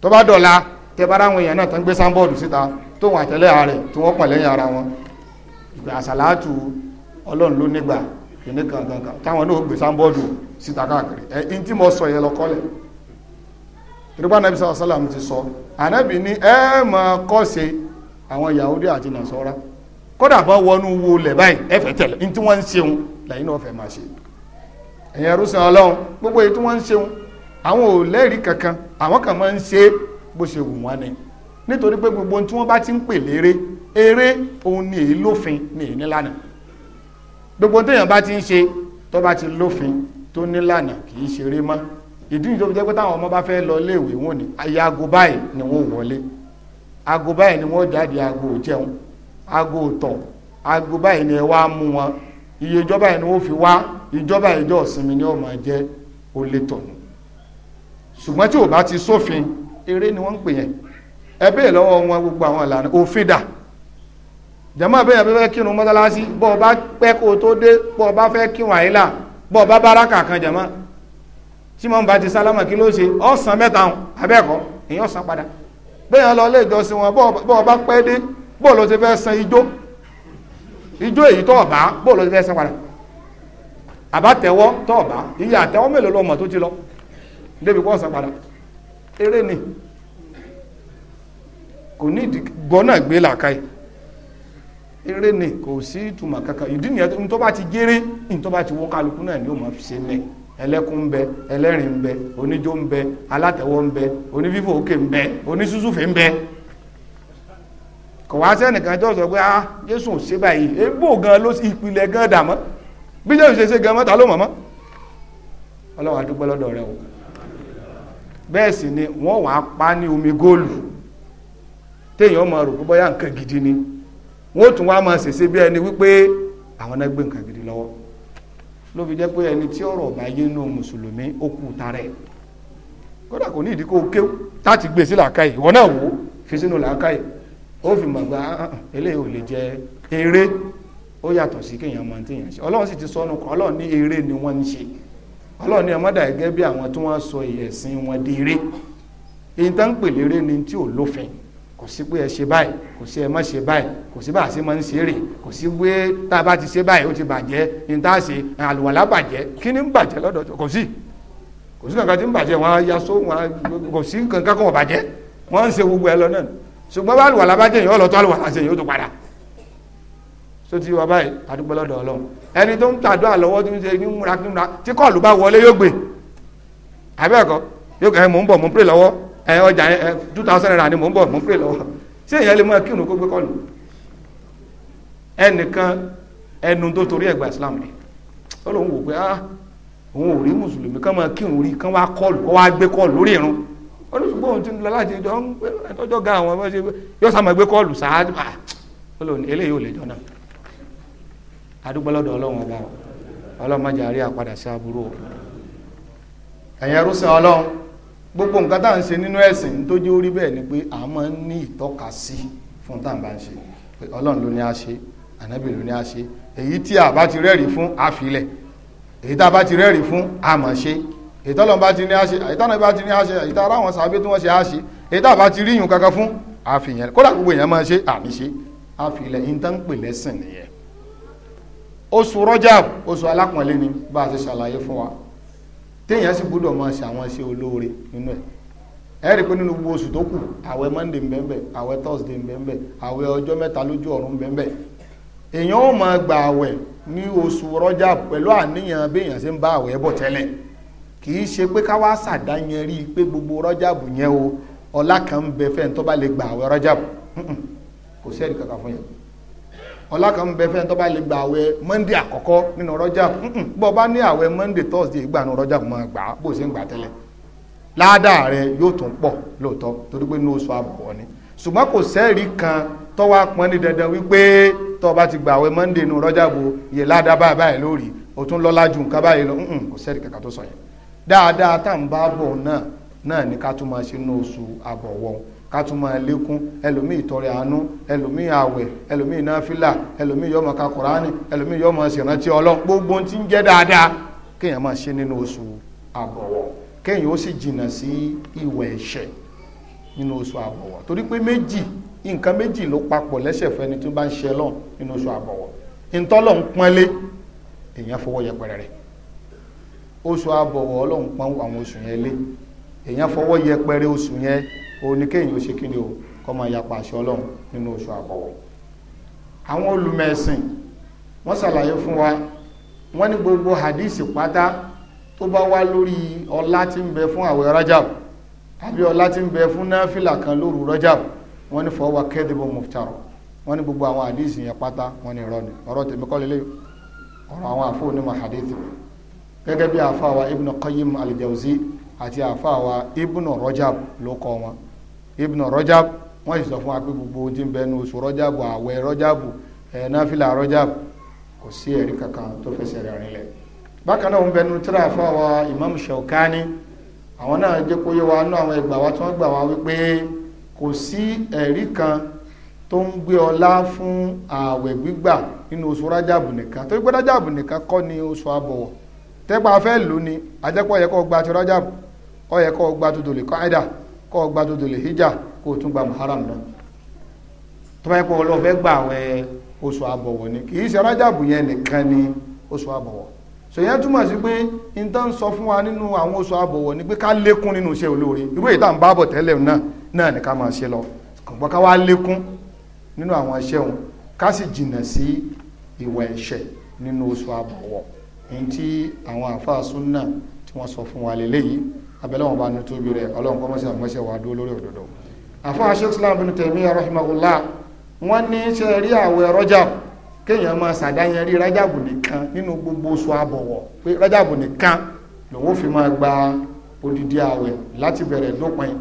tó bá dọ̀la tẹ bára àwọn èèyàn náà tó ń gbé sáńbọ́ọ̀dù síta tóun àtẹlẹ́ ara rẹ̀ tí wọ́n pọ̀ lẹ́yìn ara wọn ìgbà àsàlátù ọlọ́run ló nígbà kìíní kankan táwọn náà gbé sáńbọ́ọ̀dù síta káàkiri ẹ̀ ń tí mo sọ yẹn lọ kọ́lẹ̀ irúgbà nàbí sọ sálàm ti sọ ànábì ní ẹ máa kọ́ṣe àwọn yahudi àti nasọ́ra kódà bá wọnú wo lẹ̀ báyìí ẹ fẹ́ tẹ̀lé ní tí wọ́n ń ṣeun lẹ́yìn náà fẹ́ máa ṣe ẹ̀yìn ẹrú sin ọlọ́run gbogbo èyí tí ń ṣeun àwọn ò lẹ́rìí kankan àwọn kan máa ń ṣe bó ṣe wù wọ́n ni nítorí pé gbogbo tí wọ́n bá ti ń pè léré eré òun ni èyí lófin ni èyí nílànà gbogbo téèyàn bá ti ń ṣe tó bá ti lófin tó nílànà kì í ṣeré mọ́ ìdí ìjọba jẹ́ pé táwọn ọmọ bá fẹ́ lọ iléèwé wọn ni ayé aago báyìí ni wọ́n wọlé aago báyìí ni wọ́n jáde aago jẹun aago tọ̀ aago báyìí ni ẹ wá mú wọn iye ìjọba yìí ni wọ́n fi wá ìjọba ìjọ ìsinmi ni ó máa jẹ́ ó lé tọ̀nù ṣùgbọ́n tí ò bá ti sófin eré ni wọ́n ń pè yẹn ẹ bẹ́ẹ̀ lọ́wọ́ wọn gbogbo àwọn ìlànà òfin dà jàmọ́ bẹ́ẹ̀ bẹ́ẹ̀ fẹ́ kírun mọ́sálásí bọ́ ọ bá pẹ́ kó tó dé bọ́ ọ bá fẹ́ kírun àyílà bọ́ ọ bá báràkà kan jàmọ́ tí mọ̀ ń bá ti sálámà kí ló ṣe ọ̀sán mẹ́ta abẹ́ẹ̀kọ́ èèyàn ọ̀sán padà bẹ́ẹ̀ lọ ilé ìjọsìn wọn bọ́ ọ bá pẹ́ dé bọ́ ọ ló ti fẹ́ san ijó ijó èyí tọ́ ọ̀bá bọ́ ọ ló ti fẹ́ san padà àbátẹ̀wọ́ tọ́ ọ̀bá iye àtẹ̀wọ́ mélòó lọ́mọ tó ti lọ débi pọ́ ọ̀sán padà eré ni kò ní ìdí gbọ́nà gbé làkàì eré ni kò sí ìtumọ̀ kankan ìdí nìyẹn tó bá ti géré ní tó bá ti wọ́ kálukú náà ni ó máa fi ṣe lẹ̀ ẹlẹ́kún ń bẹ ẹlẹ́rìn ń bẹ oníjó ń bẹ alátẹ̀wọ́ ń bẹ onífífò òkè ń bẹ ń bẹ kò wá sẹ́nìkan tó sọ pé ah jésù ò ṣe báyìí ebó gan ló ìpìlẹ̀ gan dà mọ́ bí jésù ṣe ṣe gan ló mọ̀ mọ́ ọlọ́wà dúpẹ́ rẹ bẹ́ẹ̀ sì ni wọ́n wàá pa ní omi góòlù téèyàn máa rò pé bóyá nǹkan gidi ni wọ́n tún wá máa ṣèṣe bí ẹni wípé àwọn náà gbé nǹkan gidi lọ́wọ́ ló fi jẹ́ pé ẹni tí ọ̀rọ̀ bá yé nù mùsùlùmí ó kú tarẹ̀ kódà kò ní ìdí kó kéw láti gbé e sí làákàyè ìwọ náà wò ó fi sínú làákàyè ó fi mọ̀ gba ah, ah, eléyìí ò lè jẹ eré ó yàtọ̀ sí kéèyàn máa ń téèyàn ṣe ọlọ́run sì ti sọnù ọlọ́run ní eré ni wọ́n ń ṣe ọlọ́ọ̀ni ọmọdà gẹ́gẹ́ bí àwọn tí wọ́n sọ ìyẹ̀sìn wọn di eré èyí tá ń pè léré ni tí ò lófin kò sí pé ẹ ṣe báyìí kò sí ẹ má ṣe báyìí kò sí bá a ṣe máa ń ṣe rè kò sí pé tá a bá ti ṣe báyìí ó ti bàjẹ́ ní tá a ṣe àlùwàlá bàjẹ́ kí ni ń bàjẹ́ lọ́dọ̀ kò sí kò sí kankan tí ń bàjẹ́ wọn á yasó wọn kò sí kankan kan bàjẹ́ wọn ń ṣe gbogbo ẹ lọ náà ṣùgbọ́n bá àlùwàlá bàjẹ́ yìí ó lọ tó àlùwàlá ṣe yìí ó tó padà sótì wà báyìí adúgbò lọ́dọ̀ ọlọ́run ẹni tó ń tàdúrà lọ́wọ́ tó ń ṣe ní múra kí múra tí kọ́ọ̀lù bá wọlé yóò gbé abẹ́ẹ̀kọ́ yóò gbé ẹ mò ń bọ̀ mò ń pè lọ́wọ́ ẹ ọjà ẹ two thousand naira ni mò ń bọ̀ mò ń pè lọ́wọ́ ṣé èèyàn lè mú akínú kó gbé kọ́ọ̀lù ẹnìkan ẹnu tó torí ẹgbà Islam rẹ̀ ó lóun wò pé ah òun ò rí mùsùlùmí kán máa kírun rí kán wá kọ́ọ̀lù ó wá gbé kọ́ọ̀lù lórí irun ó ní ṣùgbọ́n òun ti ń lọ láti ìjọ ń gbé ẹjọ́ ga àwọn ọmọ ṣe yọ sá máa gbé kọ́ọ̀lù sáájú ah ó lóun eléyìí ò lè jọ náà adúgbòlódò ọlọ́run ọba o ọlọ́run má jàre àpadà sí aburú o ẹ̀yin ẹrúsìn ọlọ́run gbogbo nǹkan tá à ń ṣe nínú ẹ̀sìn tó orí bẹ́ẹ̀ ni pé a máa ń ní ìtọ́ka sí fún tá à ń bá ń ṣe pé ọlọ́run ló ní a ṣe ànábì ló ní a ṣe èyí tí a bá ti rẹ́rìí fún a filẹ̀ èyí tá a bá ti rẹ́rìí fún a mọ̀ ṣe èyí tọ́lọ́run bá ti ní a ṣe èyí tọ́lọ́run bá ti ní a ṣe èyí tá a sàbẹ́ tí wọ́n ṣe a ṣe èyí tá a bá ti ríyùn kankan fún a fi yẹn kódà gbogbo èèyàn máa ṣe àmì ṣe oṣù Rajab oṣù alápọ̀nlé ni bá a ti ṣàlàyé fún wa téèyàn sì gbọ́dọ̀ máa ṣe àwọn iṣẹ́ olóore nínú ẹ̀ ẹ̀rí pé nínú gbogbo oṣù tó kù àwẹ̀ Monday ń bẹ́ẹ̀ àwẹ̀ Thursday ń bẹ́ẹ̀ àwẹ̀ ọjọ́ mẹ́ta lójú ọ̀run ń bẹ́ẹ̀ èèyàn ó máa gba àwẹ̀ ní oṣù Rajab pẹ̀lú àníyàn béèyàn ṣe ń bá àwẹ̀ bọ̀ tẹ́lẹ̀ kì í ṣe pé ká ṣàdáyẹn rí i pé gbogbo Rajab yẹn o ọlá kan ń bẹ fẹ́ẹ̀ tó bá lè gba àwẹ̀ Rajab kò sẹ́ẹ̀rì kankan fún yẹn ọlá kan ń bẹ fẹ́ tó bá lè gba àwẹ̀ monday àkọ́kọ́ nínú rọ́jà bó bá ní àwẹ̀ monday thursday ìgbà nínú rọ́jà máa gbà á bó ṣe ń gbà tẹ́lẹ̀ ládàá rẹ yóò tún pọ̀ lóòótọ́ torí pé ní oṣù àbọ̀ ni ṣùgbọ́n kò sẹ́ẹ̀rí kan tó wá pọn ní dandan wípé tó bá ti gba àwẹ̀ monday nínú rọ́jà bo yẹ ládàá báyìí báyìí lórí o tún lọ́lá ju nǹkan báyìí lọ kò sẹ́ẹ̀rí kátùmọ̀ lékún ẹlòmíì tọrẹ àánú ẹlòmíì àwẹ̀ ẹlòmíì náfìlà ẹlòmíì yọmọ ka kùránì ẹlòmíì yọmọ ṣèrántí ọlọ́run gbogbo tí ń jẹ́ dáadáa kéèyàn máa ṣe nínú oṣù si kéèyàn ó sì jìnnà sí ìwà ẹ̀ṣẹ̀ nínú oṣù àbọ̀wọ̀ torí pé méjì nǹkan méjì ló papọ̀ lẹ́sẹ̀ fẹ́ni tó bá ń ṣe lọ́n nínú oṣù àbọ̀wọ̀ ntọ́lọ̀ ń pọ́nlé èèyàn fọwọ́ yẹpẹrẹ rẹ̀ oṣù àbọ̀wọ̀ ọlọ́run pọ́n àwọn oṣù yẹn lé èèyàn fọwọ́ yẹpẹrẹ oṣù yẹn òun ni kéèyàn ó ṣe kí ni o kọ́ máa yapa àṣẹ ọlọ́run nínú oṣù àbọ̀wọ̀ àwọn olùmẹ̀sìn wọ́n ṣàlàyé fún wa wọ́n ní gbogbo hadith pátá tó bá wá lórí ọlá tí ń bẹ fún àwẹ̀ rajab àbí ọlá tí ń bẹ fún náfìlà kan lóru rajab wọ́n ní fọwọ́ kẹ́dìbọ̀ mọ̀tàrọ̀ wọ́n ní gbogbo àwọn hadith yẹn pátá wọ́n ní irọ́ ni ọ̀rọ̀ tèmi kọ́ lélẹ́yìn ọ̀rọ̀ àwọn àfọ onímọ̀ hadith gẹ́gẹ́ bí àfáwa ibn qayyim al-jawzi àti àfáwa ibn rajab ló kọ́ wọn ibn rojab wọ́n sì sọ fún wa pé gbogbo ohun tí ń bẹnu oṣù rọ́jàbù àwẹ̀ rọ́jàbù ẹ̀ náfìlà kò kankan tó fẹsẹ̀ rẹ̀ bákan náà ń bẹnu tíra imam àwọn náà jẹ́ kó wa nú àwọn ẹgbà wa tí wọ́n gbà wá wípé kò sí ẹ̀rí kan tó ń gbé ọlá fún ààwẹ̀ gbígbà nínú oṣù rájàbù nìkan torí pé nìkan kọ́ ni oṣù àbọ̀wọ̀ tẹ́gbà fẹ́ kọ́ ọ gbàdúdú lè hijab kó o tún gba muharram lọ tó bá yẹ kó o lọ fẹ́ gbà wẹ̀ oṣù àbọ̀wọ̀ ni kì í ṣe rájàbù yẹn nìkan ni oṣù àbọ̀wọ̀ sèyàn túmọ̀ sí pé n tán sọ fún wa nínú àwọn oṣù àbọ̀wọ̀ ni pé ká lékún nínú iṣẹ́ olóore irú èyí tá bá bọ̀ tẹ́lẹ̀ náà náà ni ká máa ṣe lọ kọ̀ǹgbọ́n ká wá lékún nínú àwọn iṣẹ́ òun ká sì jìnnà sí ìwà ẹ̀ṣẹ̀ nínú oṣù àbọ̀wọ̀ èyí tí àwọn àfáà súnà tí wọ́n sọ fún wa lélẹ́yìí abẹ́lẹ́ wọn bá nu tóbi rẹ̀ ọlọ́run kọ́ mọ́sẹ̀ àmọ́sẹ̀ wà dúró lórí òdodo àfáà sheikh islam bin Taymiyyah rahimahullah wọ́n ní ṣe rí àwẹ̀ Rajab kéèyàn máa ṣàdáyẹn rí Rajab nìkan nínú gbogbo oṣù àbọ̀wọ̀ pé Rajab nìkan lòun fi máa gba odidi àwẹ̀ láti bẹ̀rẹ̀ dópin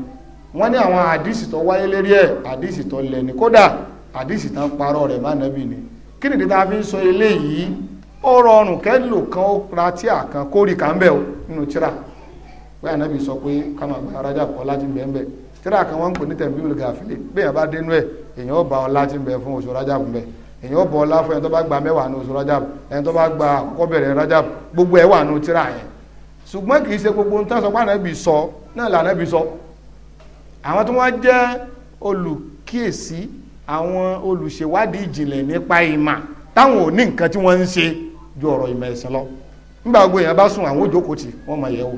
wọ́n ní àwọn àdìsì tó wáyé lérí ẹ̀ àdìsì tó lẹ́ni kódà àdìsì tán parọ́ rẹ̀ má nàbì ni kí nìdí tá fi ń sọ eléyìí ó rọrùn kẹ́lò kan ó ra tí àkàn kórìkà ń bẹ̀ nínú tíra pé ànábì sọ pé káwọn àgbà rájà pọ̀ láti bẹ̀ ń bẹ̀ tíra kan wọ́n ń pè ní tẹ̀m̀bílù gàfílẹ̀ bẹ́ẹ̀ bá dénú ẹ̀ èèyàn bá ọ láti bẹ̀ fún oṣù rájà bẹ̀ èèyàn bọ̀ ọlá fún ẹni tó bá gba mẹ́wàá ní oṣù rájà ẹni tó bá gba àkọ́kọ́ bẹ̀rẹ̀ rájà gbogbo ẹ̀ wà ní tíra yẹn ṣùgbọ́n kì í ṣe gbogbo ohun tó sọ pé sọ náà là ànábì bá sùn àwọn òjòkó tì wọ́n mọ̀ yẹ̀ wò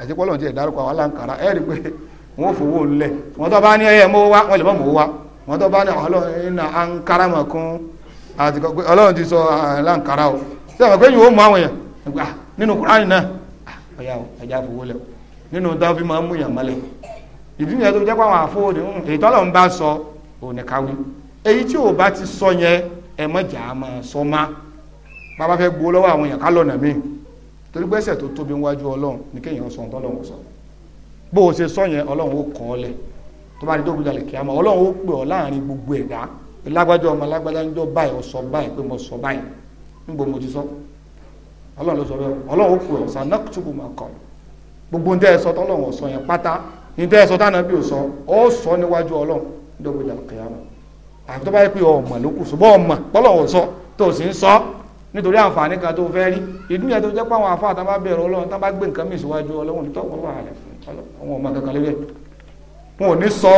àti pé ọlọ́run ti dárúkọ àwọn aláǹkàrà ẹ rí i pé wọ́n fowó lẹ̀ wọ́n tó bá ní ẹyẹ mọ́ wá wọ́n lè mọ́ mọ́ wá wọ́n tó bá ní ọlọ́run ní àǹkàrà mọ̀ kún àti pé ọlọ́run ti sọ aláǹkàrà o ṣé àwọn pé yìí ó mọ àwọn èèyàn nínú kúránì náà ọ̀yà ẹja fowó lẹ̀ nínú tó fi máa ń múyàn mọ́lẹ̀ ìdí nìyẹn tó jẹ́ pé àwọn àfọwọ́ ni èyí tọ́lọ̀ ń bá sọ òní káwí ti sọ yẹn ẹ mọ̀jà máa sọ má bàbá fẹ́ gbowó lọ́wọ́ torí gbẹ́sẹ̀ tó tóbi wájú ọlọ́run ní kéèyàn sọ nǹkan ọlọ́run sọ bó o ṣe sọ yẹn ọlọ́run ó kọ́ ọ lẹ̀ tó bá di tó gbúdalẹ̀ kí a mọ̀ ọlọ́run ó pè ọ láàrin gbogbo ẹ̀dá lágbájá ọmọ lágbájá ń jọ báyìí ọ sọ báyìí pé mo sọ báyìí níbo mo ti sọ ọlọ́run ló sọ bẹ́ẹ̀ ọlọ́run ó pè ọ sànà tùkù mà kọ́ gbogbo ń tẹ́ ẹ sọ tọ́lọ́run ọ̀sọ yẹn pátá ní tẹ́ ẹ sọ nítorí àǹfààní kan tó fẹ́ rí ìdúnyà tó jẹ́ pé àwọn àfáà tán bá bẹ̀rù ọlọ́run tán bá gbé nǹkan mìíràn síwájú ọlọ́run ní tọ́wọ́ wà hálẹ̀ fún àwọn ọmọ kankan lórí ẹ̀ wọn ò ní sọ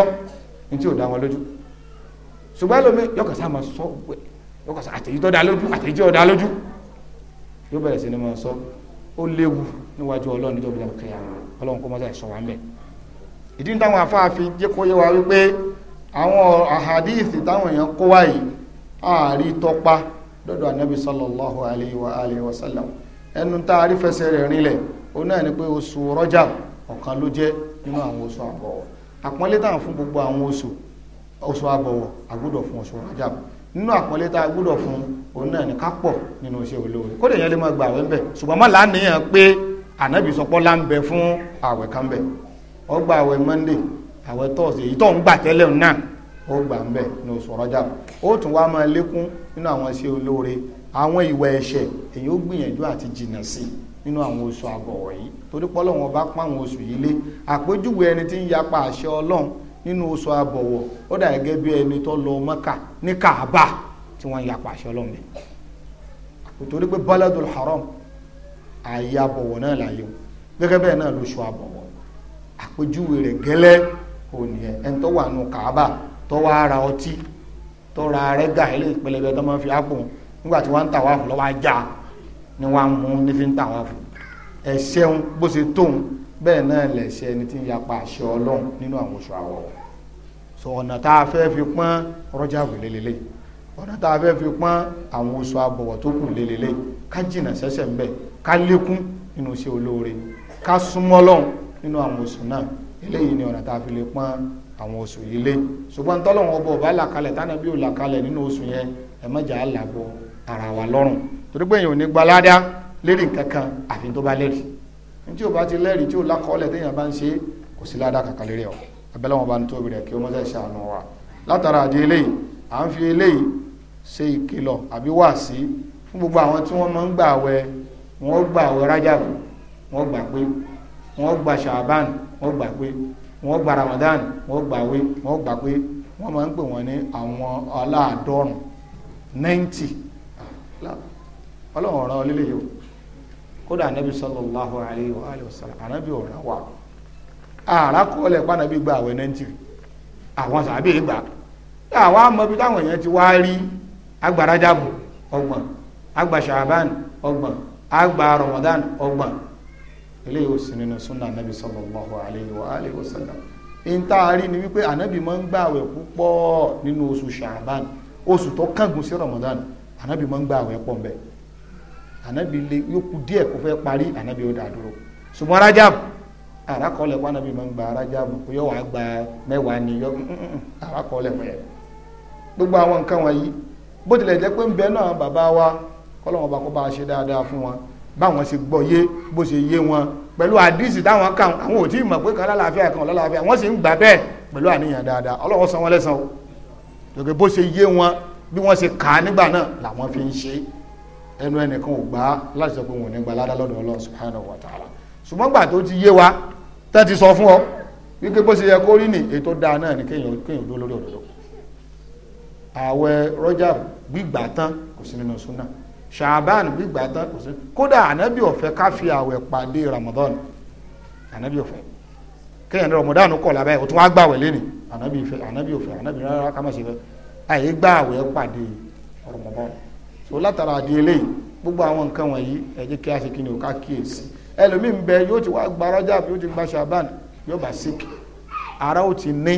ní tí ò dá wọn lójú ṣùgbọ́n ẹlòmíì yọkàn sáà máa sọ wẹ̀ yọkàn sáà àtẹ̀yí tó dá lójú àtẹ̀yí tí ò dá lójú yóò bẹ̀rẹ̀ sí ni máa sọ ó léwu níwájú ọlọ́run níjọba lọ́dọ̀ anabi sallallahu alayhi wa alayhi wa sallam ẹnu tá a rí fẹsẹ̀ rẹ̀ rinlẹ̀ ó náà ni pé oṣù rọ́jà ọ̀kan ló jẹ́ nínú àwọn oṣù àbọ̀wọ̀ àpọ́nlé tá à ń fún gbogbo àwọn oṣù oṣù àbọ̀wọ̀ àgbọ́dọ̀ fún oṣù rọ́jà nínú àpọ́nlé tá a gbọ́dọ̀ fún òun náà ni ká pọ̀ nínú iṣẹ́ olóore kódà yẹn lè máa gbà àwẹ̀ ṣùgbọ́n má láníyàn pé ànábì sọpọ́ lá ń bẹ fún àwẹ̀ kan bẹ̀ ọgbà àwẹ̀ monday àwẹ̀ thursday èyí ń gbà tẹ́lẹ̀ náà ó gbà ń bẹ̀ ní oṣù rọ́jà ó tún wá máa lékún nínú àwọn iṣẹ́ olóore àwọn ìwà ẹ̀ṣẹ̀ èyí ó gbìyànjú àti jìnnà sí nínú àwọn oṣù àbọ̀ wọ̀nyí torí pọ́lọ́wọ́n bá pa àwọn oṣù yìí lé àpèjúwe ẹni tí ń yapa àṣẹ ọlọ́run nínú oṣù àbọ̀wọ̀ ó dà gẹ́gẹ́ bí ẹni tó lọ mọ́kà ní kaaba tí wọ́n yapa àṣẹ ọlọ́run bẹ̀ torí pé baladul haram ààyè àbọ̀wọ̀ náà láàyè o gẹ́gẹ́ bẹ́ẹ̀ náà lóṣù àbọ̀wọ̀ àpèjúwe rẹ̀ gẹ́lẹ́ òní ẹ̀ ẹni tó wà nù kaaba tó wá ara ọtí tó ra rẹ́gà ilé ìpẹlẹbẹ tó máa fi ápò nígbà tí wọ́n ń tàwa fún lọ́wọ́ ajá ni wọ́n mú ní fi ń tàwa fún ẹ̀ṣẹ̀ bó ṣe tóun bẹ́ẹ̀ náà lẹ̀ṣẹ̀ ẹni tí ń yapa àṣẹ ọlọ́run nínú àwọn oṣù àwọ̀ so ọ̀nà tá a fẹ́ fi pọ́n rọ́jà wò lélele ọ̀nà tá a fẹ́ fi pọ́n àwọn oṣù àbọ̀wọ̀ tó kù lélele ká jìnà sẹ́sẹ̀ ń bẹ̀ ká lékún nínú iṣẹ́ olóore ká súnmọ́ ọlọ́run nínú àwọn oṣù náà eléyìí ni ọ̀nà tá a fi lè pọ́n àwọn oṣù yìí lé ṣùgbọ́n tọ́lọ́wọ́n ọba ọba làkalẹ̀ tánà bí ò làkalẹ̀ nínú oṣù yẹn ẹ mọ̀jà àlàbọ̀ ara wa lọ́rùn torí pé èèyàn ò ní gbalada lérí àfi tó bá lẹ́rìí ní tí bá ti tí lákọ́ọ́lẹ̀ téèyàn bá ń ṣe kò sí kankan lérí abẹ́lẹ́wọ̀n bá ń tóbi rẹ̀ kí mọ́sẹ̀ ṣàánú wa látara àdé eléyìí à ń fi eléyìí ṣe ìkìlọ̀ wọ́n gba Ramadan wọ́n gba wọ́n gbàgbé wọ́n máa ń pè wọ́n ní àwọn aláàdọ́rùn ninety ah, ọlọ́run ọ̀ràn ọlẹ́lẹ́ yìí o kódà anabi sallallahu alayhi wa sallam anabi ọ̀ràn gba ti wá rí agbára jábọ̀ agba ọgbọ̀n agba Ramadan ọgbọ̀n eléyìí ò sí nínú súnà anábì sallallahu alayhi wa alihi wa sallam in tá a rí ni wípé anábì máa ń gbààwẹ̀ púpọ̀ nínú oṣù ṣàbán oṣù tó kángun sí ramadan anábì máa ń gbààwẹ̀ pọ̀ mbẹ́ anábì lè yókù díẹ̀ kó fẹ́ parí anábì ó dá dúró ṣùgbọ́n rajab àràkọọ́lẹ̀ kó anábì máa ń gba rajab kó yọ wàá gba mẹ́wàá ni yọ mm, mm, mm, àràkọọ́lẹ̀ pẹ̀ gbogbo àwọn nǹkan wọ̀nyí bó tilẹ̀ jẹ́ pé ń bẹ náà bàbá wa kọ́lọ́wọ́n bá kó bá a ṣe dáadáa fún wọn báwọn ṣe gbọ́ yé bó ṣe yé wọn pẹ̀lú àdísì táwọn kàn àwọn ò tí ì mọ̀ pé kan lálàáfíà kan lálàáfíà wọ́n sì ń gbà bẹ́ẹ̀ pẹ̀lú àníyàn dáadáa ọlọ́wọ́ san wọ́n lẹ́san o tòkè bó ṣe yé wọn bí wọ́n ṣe kà á nígbà náà làwọn fi ń ṣe ẹnu ẹnìkan ò gbà á láti sọ pé wọn ò ní gba ládá lọ́dọ̀ ọlọ́run subhanahu wa ta'ala ṣùgbọ́n gbà tó ti yé wa tẹ́ ti sọ fún ọ wípé bó ṣe yẹ kó rí ni ètò dáa náà ni kéèyàn kéèyàn dúró lórí òdodo ààwẹ̀ rọ́jà gbígbà tán kò sí nínú súnà ṣàbán gbígbà tán kò sí kódà ànábì ọ̀fẹ́ ká fi àwẹ̀ pàdé ramadan ànábì ọ̀fẹ́ kéèyàn ní ramadan kọ̀ lábẹ́ òtún wá gbàwẹ̀ lẹ́nu ànábì ọ̀fẹ́ ànábì ọ̀fẹ́ ànábì rárá ká má ṣe fẹ́ so látara gbogbo àwọn nǹkan wọ̀nyí kí a ṣe kí ni o ká kíyèsí bẹ wá gba rọ́jà yóò ti yóò bá ara ó ti ní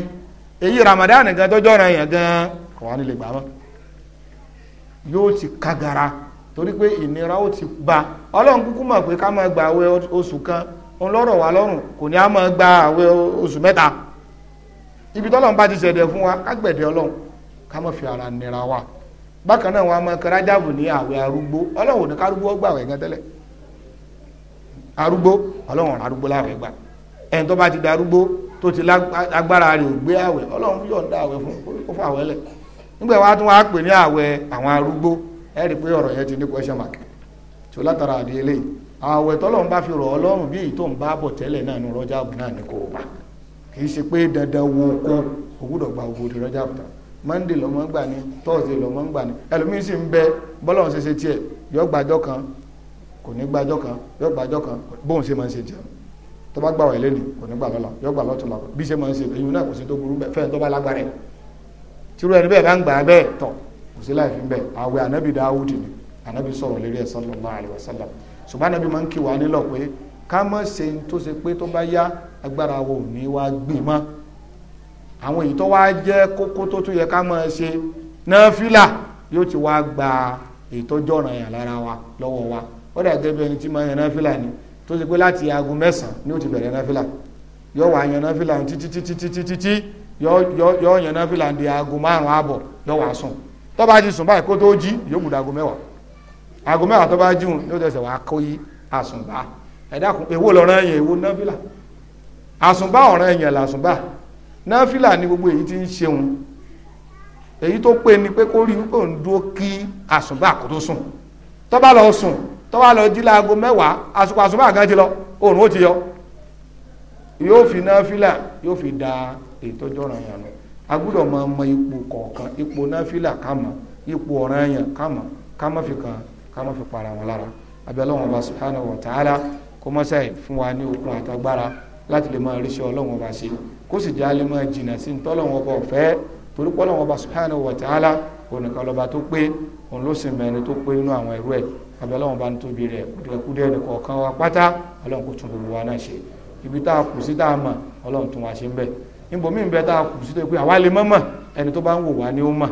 èyí ramadan gan tọ́jọ́ rẹ̀ kagara torí pé ìnira ó ti gba ọlọ́run kúkú mọ̀ pé ká máa gba àwẹ̀ oṣù kan òun lọ́rọ̀ wá lọ́rùn kò ní á máa gba oṣù mẹ́ta ibi tọ́lọ́run bá ti ṣẹ̀dẹ̀ fún wa ká gbẹ̀dẹ̀ ọlọ́run ká fi ara nira wa bákan náà wọn a máa kẹra jáàbù ní arúgbó ọlọ́run ò ní gbà wẹ̀ gan tẹ́lẹ̀ arúgbó ọlọ́run arúgbó láwẹ̀ gbà ẹni tó bá ti darúgbó tó ti lágbára gbé àwẹ̀ ọlọ́run yọ̀ǹda àwẹ̀ fún ẹ pé ọ̀rọ̀ yẹn ti ní question mark tí látara àdé eléyìí àwẹ̀ bá fi rọ̀ ọ́ bí èyí tó ń bá bọ̀ tẹ́lẹ̀ náà ní rọ́jà àbù náà dandan wo o gba ògbódì rọ́jà àbù monday lọ́mọ ń gbà ní thursday lọ́mọ ń gbà ní ẹlòmíín sì ń kan kò ní kan yọ gbàjọ́ kan bóun ṣe máa ń ṣe jẹun tó bá gbà wà kò ní gbà lọ́la sí láì fi bẹ àwẹ̀ ànábì dáwùdì ni ànábì sọ̀rọ̀ lérí ẹ̀ sallallahu alaihi wasallam ṣùgbọ́n ànábì máa ń kí wa nílọ̀ pé ká mọ̀ ṣe tó ṣe pé tó bá yá agbára wo ò ní wá gbé mọ́ àwọn èyí tó wá jẹ́ kókó tó tún yẹ ká mọ̀ ṣe náfìlà yóò ti wá gba èyí tó jọ̀ràn yàn lára wa lọ́wọ́ wa ó dà gẹ́gẹ́ bí ẹni tí máa yan náfìlà ni tó ṣe pé láti aago mẹ́sàn ni ó ti bẹ̀rẹ̀ náfìlà yóò wá yan náfìlà títí títí títí títí yóò yan náfìlà di aago márùn-ún ààbọ̀ yóò wá tó ti sùn báyìí kó tó jí yóò mú dago mẹ́wàá ago mẹ́wàá tó jíun yóò tẹ̀sẹ̀ wàá kó yí àsùnbà ẹ̀dá kun èwo lọ́rọ̀ ẹ̀yìn èwo náfìlà àsùnbà ọ̀rọ̀ ẹ̀yìn làsùnbà náfìlà ni gbogbo èyí tí ń ṣeun èyí tó pé ni pé kó rí wípé òun dúró kí àsùnbà kó tó sùn tó lọ sùn tó lọ jí láago mẹ́wàá àsùnbà gan ti lọ òun ó ti yọ yóò fi náfìlà yóò fi da èyí tó yàn nù a gbọ́dọ̀ máa mọ ipò kọ̀ọ̀kan ipò náfìlà kàmà ipò ọ̀ranyàn kàmà kàmà fi kan kàmà fi para wọn lára abẹ́lẹ́ wọn bá subhanahu wa ta'ala kó mọ́sá yìí fún wa ní okun àtagbára láti lè máa ríṣẹ́ ọlọ́wọ́n bá ṣe kó sì já lè máa jìnnà sí ntọ́lọ́wọ́n bá ọ̀fẹ́ torí pọ́lọ́wọ́n bá subhanahu wa ta'ala onìkan lọ́ba tó pé òun ló sì mẹ́rin tó pé nínú àwọn ẹ̀rọ ẹ̀ abẹ́lẹ́wọ̀n bá ń tóbi rẹ̀ kúdẹ́kúdẹ́ nìkan kan wa pátá ọlọ́run kò tún gbogbo wa náà ṣe ibi tá a kù sí tá a mọ̀ ọlọ́run tún wa ṣe ń bẹ̀ níbo mí bẹ tá a kù sí tó pé àwa lè mọ́mọ́ ẹni tó bá ń wò wá ni ó mọ̀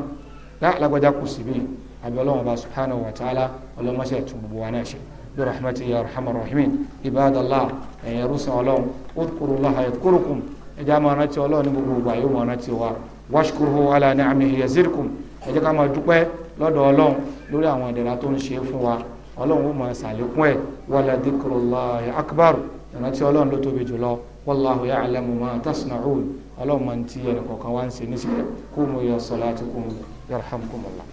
lágbàjá kù sí bíi àbí ọlọ́run ọba subhanahu wa ta'ala ọlọ́mọṣẹ́ tún wa náà ṣe rahmatu ya rahman rahimin ibadallah ẹ̀yẹ rúṣan ọlọ́run udhkurullah yadhkurukum ẹ̀já máa rántí ọlọ́run ní gbogbo ìgbà yóò máa wa washkuruhu ala ni'amihi yazirkum ẹ̀jẹ̀ ká máa dúpẹ́ lọ́dọ̀ ọlọ́run lórí àwọn ìdẹ̀ra tó ń ṣe fún wa ọlọ́run ó máa ṣàlékún ẹ̀ wala dhikrullahi akbar ìrántí ọlọ́run ọlọ́run máa ń ti ẹnì kọ̀ọ̀kan wá ń ṣe níṣẹ́ kó mo yọ salatukum yarhamkumullah.